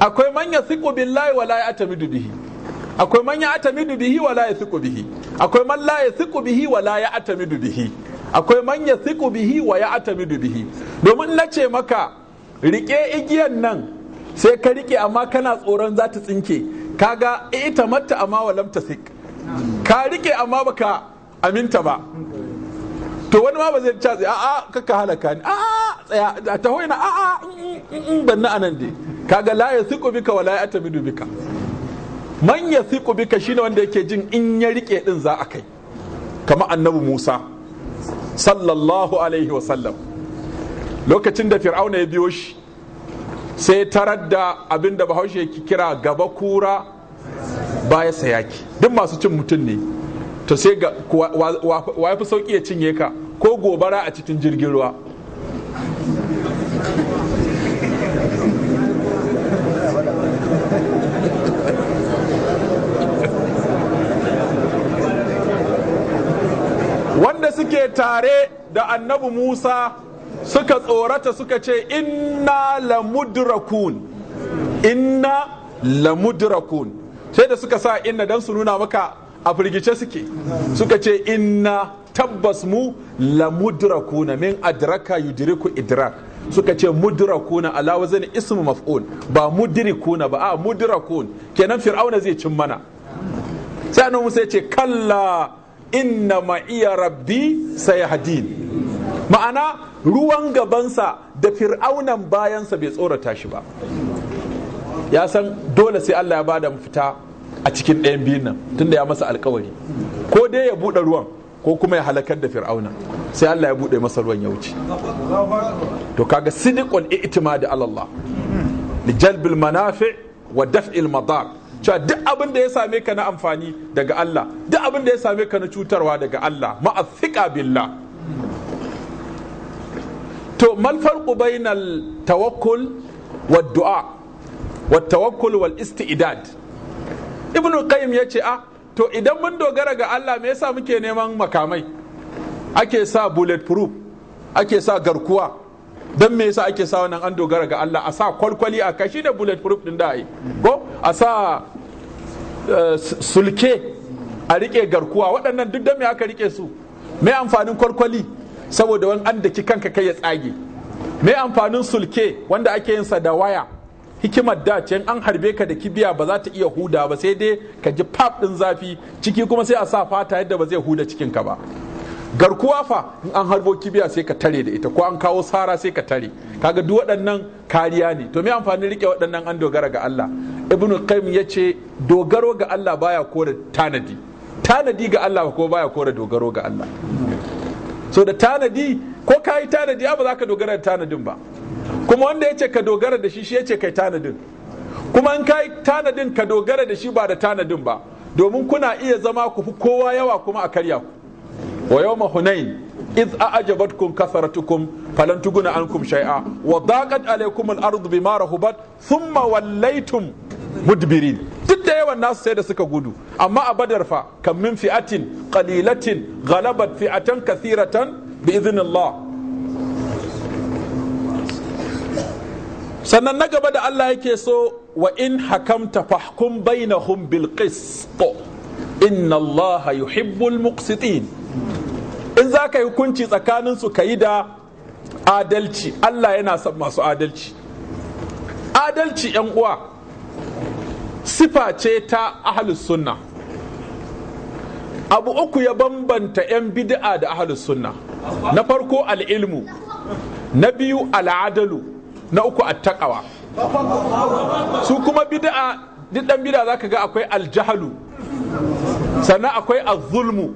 akwai manya siku billahi wala ya atamidu bihi akwai manya ya atamidu bihi wala ya siku bihi akwai man la ya siku bihi wala ya atamidu bihi akwai manya siku bihi wa ya atamidu bihi domin na ce maka rike igiyan nan sai ka rike amma kana tsoron za ta tsinke kaga ita eh, matta amma walam ta sik ka rike amma baka aminta ba to wani ma ba zai ci a a kaka halaka ni a a tsaya ta hoina a a mm, mm, mm, ban na anan dai kaga la ya siku bika wala ya atamidu bika man ya siku bika shine wanda yake jin in ya rike din za a kai kamar annabi Musa sallallahu alaihi wa sallam lokacin da fir'auna ya biyo shi sai tarar da abin bahaushe ya kira gaba kura baya sayaki duk masu cin mutum ne to sai ga wa fi sauki ya cinye ka ko gobara a cikin jirgin ruwa wanda suke tare da annabi Musa suka tsorata suka ce inna lamudrakun inna lamudrakun sai da suka sa inna don su nuna maka a firgice suke suka ce inna tabbas mu la mudrakuna min adraka yudriku idrak suka ce mudrakuna ala wazani ismu maf'ul ba mudrikuna ba a mudrakun kenan fir'auna zai cin mana sai annabi Musa ya ce kalla inna ma iya rabbi sayahdin ma'ana ruwan gabansa da fir'aunan bayansa bai tsorata shi ba ya san dole sai Allah ya bada fita. a cikin ɗayan biyun nan tunda ya masa alkawari ko dai ya buɗe ruwan ko kuma ya halakar da fir'auna sai Allah ya buɗe masa ruwan ya wuce to kaga sidiqul i'timadi ala Allah li jalbil manafi wa daf'il madar cewa duk abin da ya same ka na amfani daga Allah duk abin da ya same ka na cutarwa daga Allah ma'athiqa billah to mal farqu bainal tawakkul wad du'a wat tawakkul wal istidad ibn qayyim ya ce a ah, to idan mun dogara ga Allah me yasa muke neman makamai ake sa bullet proof ake sa garkuwa dan me yasa ake sa wannan an dogara ga Allah a sa kwalkwali a kashi da bullet proof din da yi ko a sa eh, sulke a rike garkuwa waɗannan duk da me aka rike su me amfanin kwalkwali saboda wani an ki kanka kai ya tsage me amfanin sulke wanda ake yin sa da waya hikimar da can an harbe ka da kibiya ba za ta iya huda ba sai dai ka ji fab din zafi ciki kuma sai a sa fata yadda ba zai huda cikin ka ba garkuwa fa in an harbo kibiya sai ka tare da ita ko an kawo sara sai ka tare kaga duk waɗannan kariya ne to me amfani rike waɗannan an dogara ga Allah ibnu qayyim yace dogaro ga Allah baya kore tanadi tanadi ga Allah ko baya kore dogaro ga Allah so da tanadi ko kayi tanadi ba za ka dogara da tanadin ba kuma wanda ya ce ka dogara da shi shi ya ce kai tanadin kuma in kai tanadin ka dogara da shi ba da tanadin ba domin kuna iya zama ku fi kowa yawa kuma a karya ku wa yawma hunain iz a'jabatkum kasaratukum falan tuguna ankum shay'a wa daqat alaykum al-ardu bima rahubat thumma wallaytum mudbirin duk da yawan nasu sai da suka gudu amma a badar fa kam min fi'atin qalilatin ghalabat fi'atan kathiratan bi idhnillah sannan na gaba da Allah yake so wa in hakamta fahkum bainahum bil qist inna Allah yuhibbul muqsitin in zaka yi hukunci tsakanin su kayi da adalci Allah yana son masu adalci adalci yan uwa sifa ce ta ahlus sunna abu uku ya bambanta yan bid'a da ahlus sunna na farko al'ilmu na biyu al'adalu na uku a attaqawa su kuma bid'a duk dan bid'a zaka ga akwai aljahalu sannan akwai azzulmu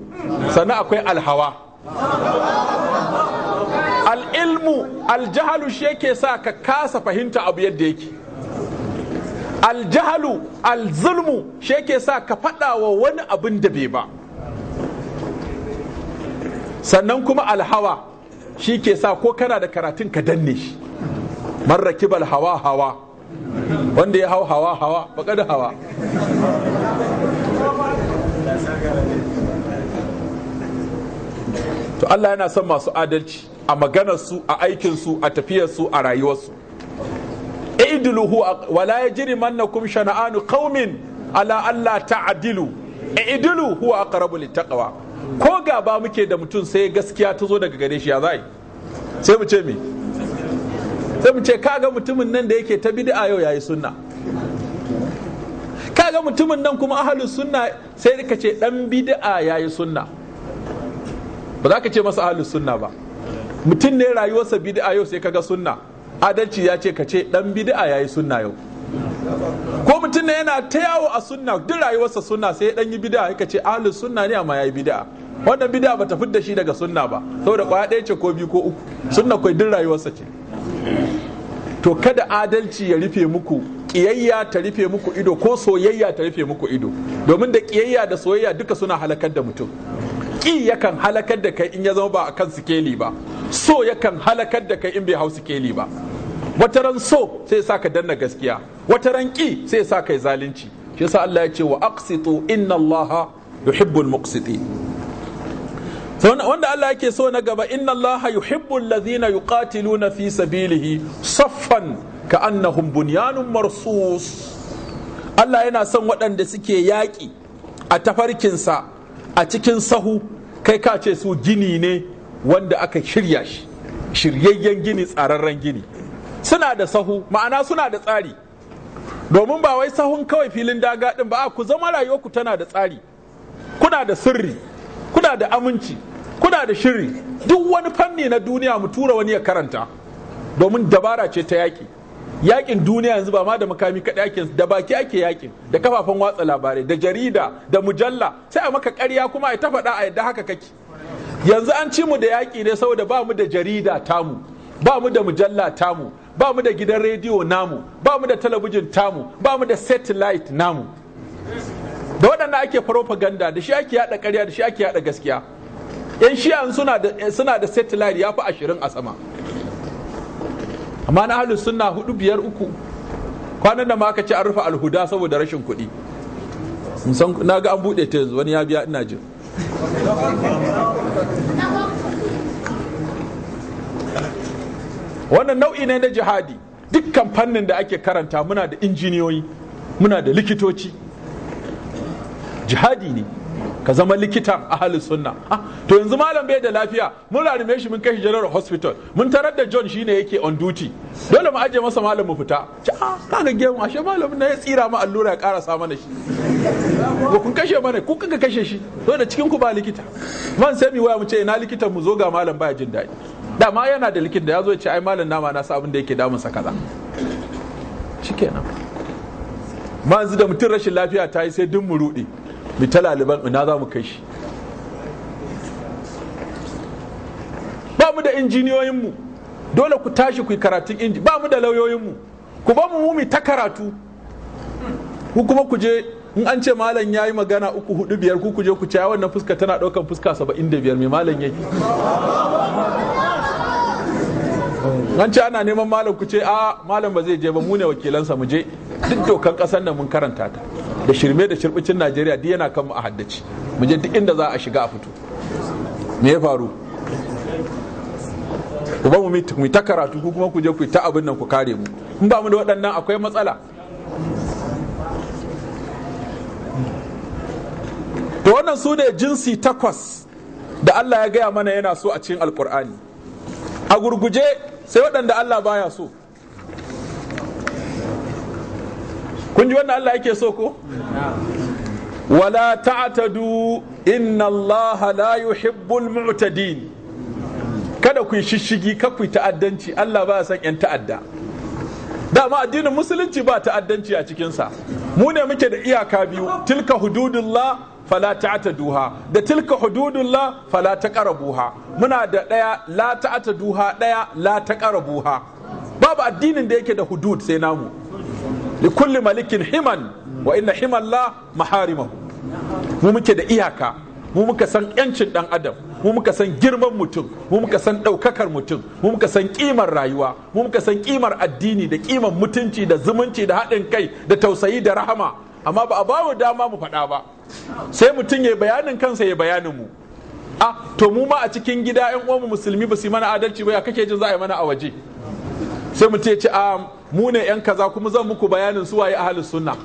sannan akwai alhawa al'ilmu aljahalu shi yake sa ka kasa fahimta abu yadda yake aljahalu alzulmu shi yake sa ka faɗa wa wani abin da bai ba sannan kuma alhawa shi ke sa ko kana da karatun ka danne shi marra kibal hawa hawa wanda ya hau hawa hawa baka da hawa to Allah yana son masu adalci a maganarsu a aikinsu a tafiyarsu a rayuwarsu i'diluhu wala mannakum shana'anu qaumin ala alla ta'dilu i'dilu huwa aqrabu littaqwa ko gaba muke da mutum sai gaskiya ta zo daga gare shi ya zai sai mu ce me sai mu ce kaga mutumin nan da yake ta bid'a yau yayi sunna kaga mutumin nan kuma ahlus sunna sai ka ce dan bid'a yayi sunna ba za ka ce masa ahlus sunna ba mutum ne rayuwarsa bid'a yau sai kaga sunna adalci ya ce ka ce dan bid'a yayi sunna yau ko mutum ne yana ta yawo a sunna duk rayuwarsa sunna sai ya dan yi bid'a ka ce ahlus sunna ne amma yayi bid'a wannan bid'a bata fidda shi daga sunna ba saboda kwaya ɗaya ce ko biyu ko uku sunna kai duk rayuwarsa ce to kada adalci ya rufe muku ƙiyayya ta rufe muku ido ko soyayya ta rufe muku ido domin da ƙiyayya da soyayya duka suna halakar da mutum ƙi yakan halakar da kai in ya zama ba a kan sikeli ba so yakan halakar da kai in bai hau sikeli ba wataran so sai sa ka danna gaskiya wataran ƙi sai sa kai zalunci shi yasa Allah ya ce wa aqsitu inna Allah yuhibbul muqsitin wanda Allah yake so na gaba inna Allah yuhibbu allazina yuqatiluna fi sabilihi saffan ka'annahum bunyanun marsus Allah yana son waɗanda suke yaƙi a tafarkinsa a cikin sahu kai ka ce su gini ne wanda aka shirya shi shiryayyen gini tsararren gini suna da sahu ma'ana suna da tsari domin ba wai sahun kawai filin daga ɗin ba ku zama rayuwa ku tana da tsari kuna da sirri kuna da aminci kuna da shiri duk wani fanni na duniya mu tura wani ya karanta domin dabara ce ta yaƙi yaƙin duniya yanzu ba ma da makami kaɗai ake da baki ake yaƙin da kafafen watsa labarai da jarida da mujalla sai a maka ƙarya kuma a ta faɗa a yadda haka kake yanzu an ci mu da yaƙi ne saboda ba mu da jarida tamu ba mu da mujalla tamu ba mu da gidan rediyo namu ba mu da talabijin tamu ba mu da satellite namu da waɗanda ake propaganda da shi ake yaɗa ƙarya da shi ake yaɗa gaskiya yan shi suna da eh, suna satellite ya fi ashirin a sama amma na halin suna hudu biyar uku kwanan da ma aka ci an rufe alhuda saboda rashin kuɗi na ga an buɗe ta yanzu wani ya biya ina jin wannan nau'i ne na jihadi dukkan fannin da ake karanta muna da injiniyoyi muna da likitoci jihadi ne ka zama likitan ahli sunna ah, to yanzu malam bai da lafiya mun rarume shi mun kai shi general hospital mun tarar da john shine yake on duty dole mu aje masa malam mu fita ah, a ga gemu ashe malamin na ya tsira mu allura ya sa mana shi ko kun kashe mana ku kuka kashe shi to da cikin ku ba likita man sai mu waya mu ce ina likitan mu zo ga malam baya jin daɗi ma yana da likita. da ya zo ya ce ai malam nama na sa abin da yake damunsa kaza shikenan ma yanzu da mutum rashin lafiya ta yi sai dun mu rudi mu ta laliban ina za mu kai shi ba mu da injiniyoyinmu dole ku tashi ku yi karatun inji ba mu da lauyoyinmu ku ba mu mumi ta karatu ku kuma ku je in an ce malam ya yi magana uku hudu biyar ku ku ku caya wannan fuska tana daukan fuska saba'in da biyar mai malam ya yi an ce ana neman malam ku ce a malam ba zai je ba mu ne wakilansa mu je duk dokan kasar nan mun karanta ta da shirme da shirbicin najeriya duk yana kanmu mu a haddace mu je duk inda za a shiga a fito me ya faru ku mu mu ta karatu ku kuma ku je ku ta abin nan ku kare mu in ba mu da waɗannan akwai matsala to wannan su ne jinsi takwas da Allah ya gaya mana yana so a cikin alkur'ani a gurguje sai waɗanda Allah baya so kun ji wannan Allah yake so ko wala ta'tadu inna Allah la yuhibbul mu'tadin kada ku shishigi ka ku ta'addanci Allah ba san yan ta'adda dama addinin musulunci ba ta'addanci a cikin sa mu ne muke da iyaka biyu tilka hududullah fala ta'taduha da tilka hududullah fala taqrabuha muna da daya la ta'taduha daya la taqrabuha babu addinin da yake da hudud sai namu li kulli malikin himan wa inna la maharimahu mu muke da iyaka mu muka san yancin dan adam mu muka san girman mutum mu muka san daukakar mutum mu muka san kimar rayuwa mu muka san kimar addini da kimar mutunci da zumunci da haɗin kai da tausayi da rahama amma ba a ba mu dama mu faɗa ba sai mutum ya bayanin kansa ya bayanin mu a to mu ma a cikin gida yan uwanmu musulmi ba su mana adalci ba ya kake jin za a yi mana a waje sai mutum ya ce a mu ne yan kaza kuma zan muku bayanin su waye ahlus sunna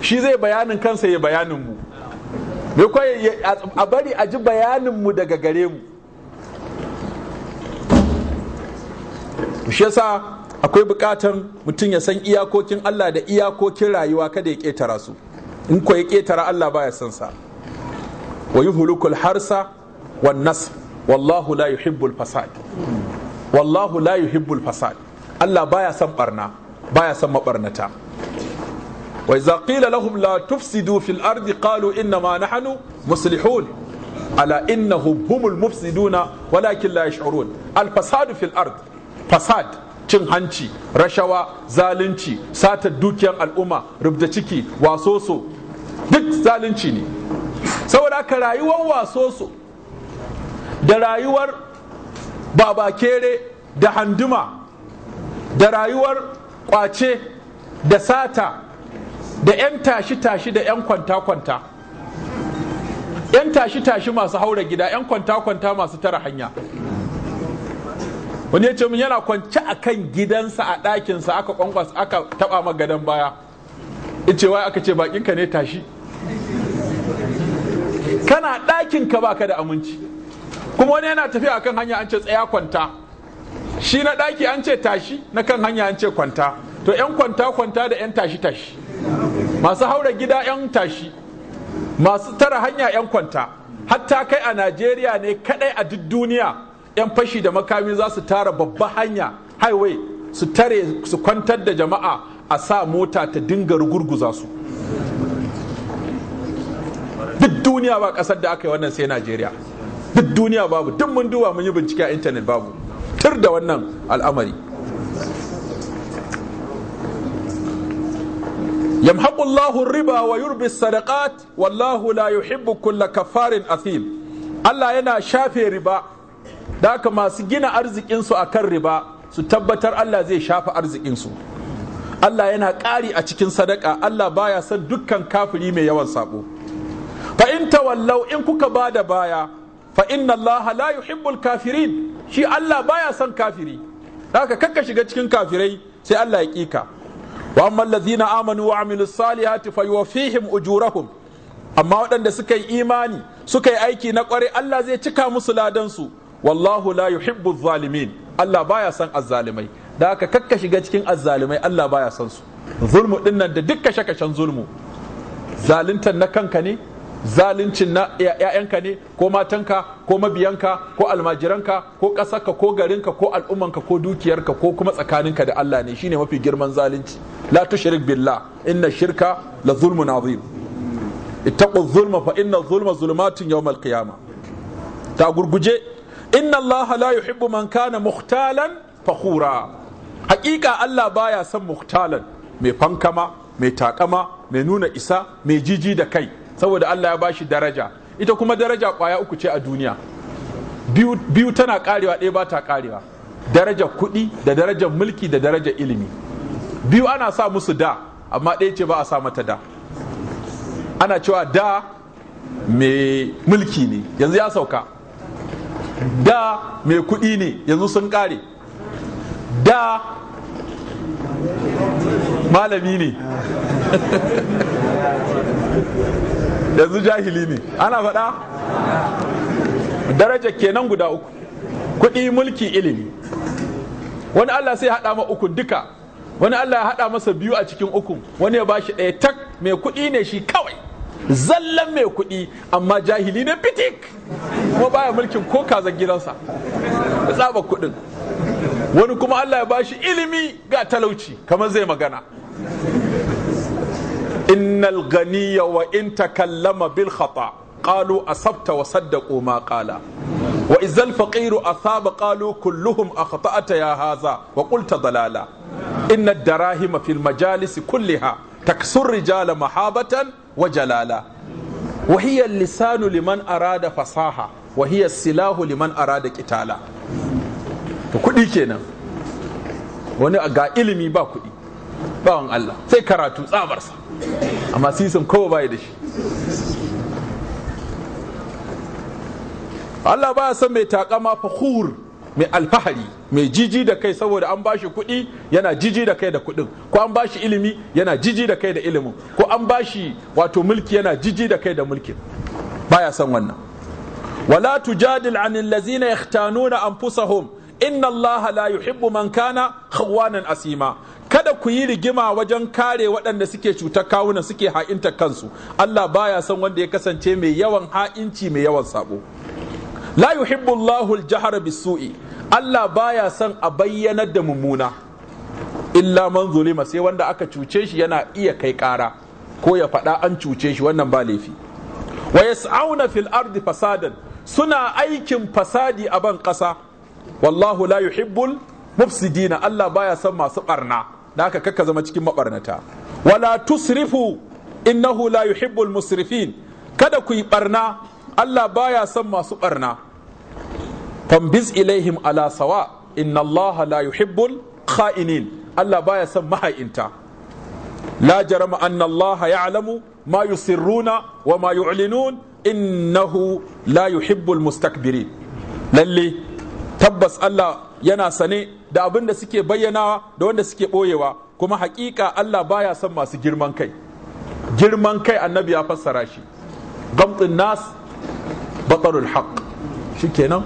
shi zai bayanin kansa ya bayanin mu me kai a bari a ji bayanin mu daga gare mu shi yasa akwai bukatan mutum ya san iyakokin Allah da iyakokin rayuwa kada ya ketara su in ko ya ketara Allah baya san sa wa yuhlikul harsa wan nas wallahu la yuhibbul fasad wallahu la yuhibbul fasad Allah baya san barna baya son mabarnata wa idza qila lahum la tufsidu fil ardi qalu inna ma nahnu muslihun ala innahum humul mufsiduna walakin la yash'urun al fasadu fil ard fasad cin hanci rashawa zalunci satar dukiyar al'umma rubda ciki wasoso duk zalunci ne saboda haka rayuwar wasoso da rayuwar babakere da handuma da rayuwar kwace da sata da 'yan tashi-tashi da 'yan kwanta-kwanta 'yan tashi-tashi masu haura gida 'yan kwanta-kwanta masu tara hanya wani ya ce min yana kwance a kan gidansa a ɗakinsa aka kwankwas aka taɓa ma gadon baya ce wai aka ce bakinka ne tashi kana ɗakinka baka da aminci kuma wani yana tafiya a kan hanya an ce tsaya kwanta shi na ɗaki an ce tashi na kan hanya an ce kwanta to 'yan kwanta kwanta da 'yan tashi tashi masu haura gida 'yan tashi masu tara hanya 'yan kwanta hatta kai a najeriya ne kadai a duk duniya 'yan fashi da makami za su tara babba hanya highway su tare su kwantar da jama'a a sa mota ta dinga rugurguza su duk duniya ba kasar da aka yi wannan sai najeriya duk duniya babu duk mun duba mun yi bincike a intanet babu tur da wannan al'amari yamhaqu Allahu riba wa yurbi sadaqat wallahu la yuhibbu kulla kafarin athim Allah yana shafe riba daka masu gina arzikinsu a kan riba su tabbatar Allah zai shafe arzikinsu Allah yana ƙari a cikin sadaka Allah baya san dukkan kafiri mai yawan sabo fa in tawallau in kuka ba da baya fa inna Allah la yuhibbul kafirin shi Allah baya san kafiri haka kakka shiga cikin kafirai sai Allah ya kika wa amma allazina amanu wa amilus salihati fayuwaffihim ujurahum amma waɗanda suka yi imani suka yi aiki na ƙwarai Allah zai cika musu ladan su wallahu la yuhibbu zalimin Allah baya son azzalimai da haka kakka shiga cikin azzalimai Allah baya son su zulmu dinnan da dukkan shakashan kashen zulmu zaluntar na kanka ne zalincin na ‘ya'yanka ne ko matanka ko mabiyanka ko almajiranka ko ƙasarka ko garinka ko al'ummanka ko dukiyarka ko kuma tsakaninka da Allah ne shine mafi girman zalunci la tushrik billah inna shirka la zulmu azim ittaqu zulma fa inna zulma zulmatun yawmal qiyama ta gurguje inna Allah la yuhibbu man kana muhtalan fakhura haƙiƙa Allah baya son muhtalan mai fankama mai takama mai nuna isa mai jiji da kai saboda Allah ya bashi daraja ita kuma daraja kwaya uku ce a duniya biyu tana karewa ɗaya ba ta karewa daraja kuɗi da daraja mulki da daraja ilimi biyu ana sa musu da amma ɗaya ce ba a sa mata da ana cewa da mai mulki ne yanzu ya sauka da mai kuɗi ne yanzu sun kare. da malami ne yanzu jahili ne ana faɗa daraja kenan guda uku kuɗi mulki ilimi wani Allah sai haɗa ma uku duka wani Allah ya haɗa masa biyu a cikin uku wani ya bashi ɗaya tak mai kuɗi ne shi kawai zallan mai kuɗi amma jahili ne fitik kuma baya mulkin ko kazan gidansa da tsaba kuɗin wani kuma Allah ya bashi ilimi ga talauci kamar zai magana innal ganiya wa in takallama bil khata qalu asabta wa saddaqu ma qala wa izal faqiru athaba qalu kulluhum akhta'ata ya hadha wa qulta dalala inna ad-darahima fil majalis kulliha taksur rijala mahabatan wa jalala wa hiya lisanu liman arada fasaha wa hiya silahu liman arada qitala to kudi kenan wani ga ilimi ba kudi bawan Allah sai karatu tsabarsa amma sisan kowa bai da shi Allah ba san mai takama fahur mai alfahari mai jiji da kai saboda an ba shi kuɗi yana jiji da kai da kuɗin ko an ba shi ilimi yana jiji da kai da ilimin ko an ba shi wato mulki yana jiji da kai da mulkin baya san wannan wala tujadil anil ladzina yahtanuna anfusahum inna allaha la yuhibbu man kana khawanan asima kada ku yi rigima wajen kare waɗanda suke cutar kawunan suke ha'intar kansu Allah baya son wanda ya kasance mai yawan ha'inci mai yawan sabo la yuhibbu Allahu al bis-su'i Allah baya son a bayyanar da mummuna illa man zulima sai wanda aka cuce shi yana iya kai ƙara ko ya faɗa an cuce shi wannan ba laifi wa yas'auna fil ardi fasadan suna aikin fasadi a ban ƙasa wallahu la yuhibbul mufsidina Allah baya son masu ɓarna da haka kakka zama cikin mabarnata wala tusrifu innahu la yuhibbul musrifin kada ku yi barna Allah baya son masu barna fambiz ilaihim ala sawa inna Allah la yuhibbul kha'inin Allah baya son maha'inta la jarama anna Allah ya'lamu ma yusirruna wa ma yu'linun innahu la yuhibbul mustakbirin lalle tabbas Allah yana sane da abin da suke bayyanawa da wanda suke ɓoyewa kuma haƙiƙa Allah baya son masu girman kai girman kai annabi ya fassara shi gamtsin nas batarul haq shikenan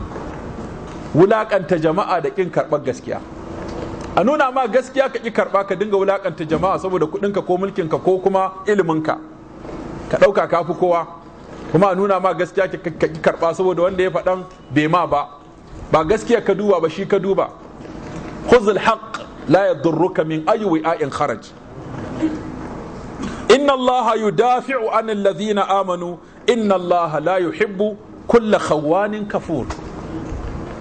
wulakanta jama'a da kin karɓar gaskiya a nuna ma gaskiya ka ki karɓa ka dinga wulakanta jama'a saboda kuɗinka ko mulkinka ko kuma iliminka ka ɗauka kafi kowa kuma a nuna ma gaskiya ka ƙi karɓa saboda wanda ya faɗan bai ma ba ba gaskiya ka duba ba shi ka duba khuzul haqq la yadurruka min ayi wi'a'in kharaj inna allaha yudafi'u 'anil ladhina amanu inna allaha la yuhibbu kulla khawanin kafur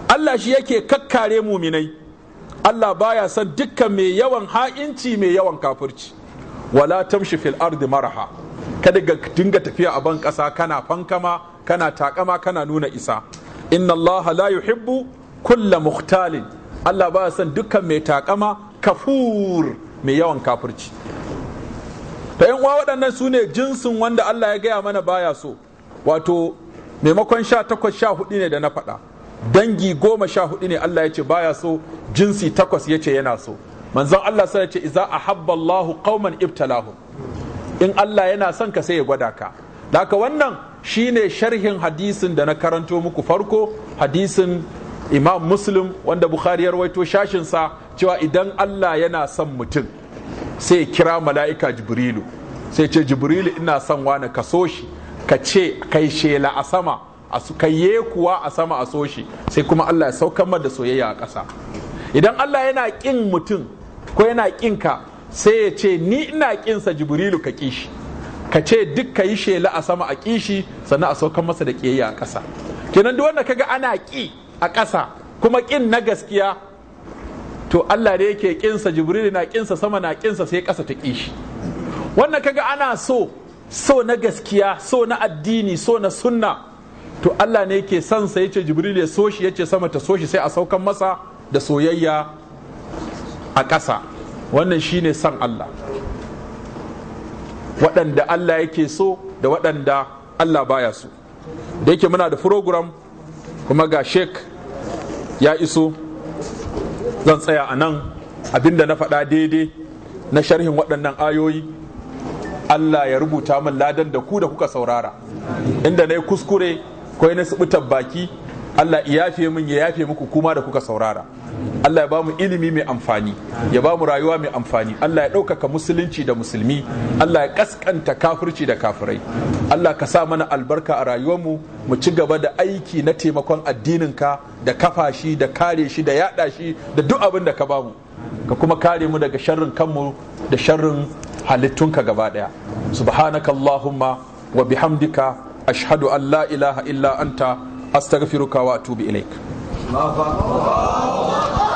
Allah shi yake kakkare muminai Allah baya son dukkan mai yawan ha'inci mai yawan kafirci wala tamshi fil ardi maraha kada ga dinga tafiya a ban kasa kana fankama kana takama kana nuna isa inna Allah la yuhibbu kulla mukhtalin Allah ba son dukkan mai takama kafur mai yawan kafurci. ta yan uwa waɗannan su ne jinsin wanda Allah ya gaya mana baya so wato maimakon sha takwas sha hudu ne da na faɗa dangi goma sha hudu ne Allah ya ce baya so jinsi takwas ya ce yana so manzon Allah sai ya ce iza ahabba Allahu qauman Ibtalahu? in Allah yana son ka sai ya gwada ka da haka wannan Shi ne sharhin hadisin da na karanto muku farko hadisin imam muslim wanda bukhari ya rawaito shashinsa cewa idan allah yana son mutum sai kira mala'ika jibrilu sai ce jibrilu ina son wani ka so shi ka ce kai shela a sama ka ye kuwa a sama a so shi sai kuma allah ya saukar da soyayya a ƙasa idan allah yana ƙin mutum ko yana ƙinka sai ya ce ni ina ƙinsa jibrilu ka ƙi shi ka ce duk ka yi shela a sama a kishi sannan a saukan masa da ƙiyayya a ƙasa kenan duk wanda kaga ana ƙi a ƙasa kuma ƙin na gaskiya to Allah ne yake ƙinsa Jibril na ƙinsa sama na ƙinsa sai ƙasa ta ƙishi wanda kaga ana so so na gaskiya so na addini so na sunna to Allah ne yake son sa yace Jibril ya so shi yace sama ta so shi sai a saukan masa da soyayya a ƙasa wannan shine son Allah waɗanda Allah yake so da waɗanda Allah baya so da yake muna da program kuma ga sheik ya iso zan tsaya a nan abinda na faɗa daidai na sharhin waɗannan ayoyi Allah ya rubuta min ladan da ku da kuka saurara inda na yi kuskure ko na baki Allah ya yafe min ya yafe muku kuma da kuka saurara Allah ya ba mu ilimi mai amfani ya ba mu rayuwa mai amfani Allah ya ɗaukaka musulunci da musulmi Allah ya ƙasƙanta kafirci da kafirai Allah ka sa mana albarka a rayuwar mu mu ci gaba da aiki na taimakon addininka da kafa shi da kare shi da yaɗa shi da duk abin da ka ba mu ka kuma kare mu daga sharrin kanmu da sharrin halittunka gaba ɗaya subhanakallahumma wa bihamdika ashhadu an la ilaha illa anta astaghfiruka wa atubu ilaik 麻烦。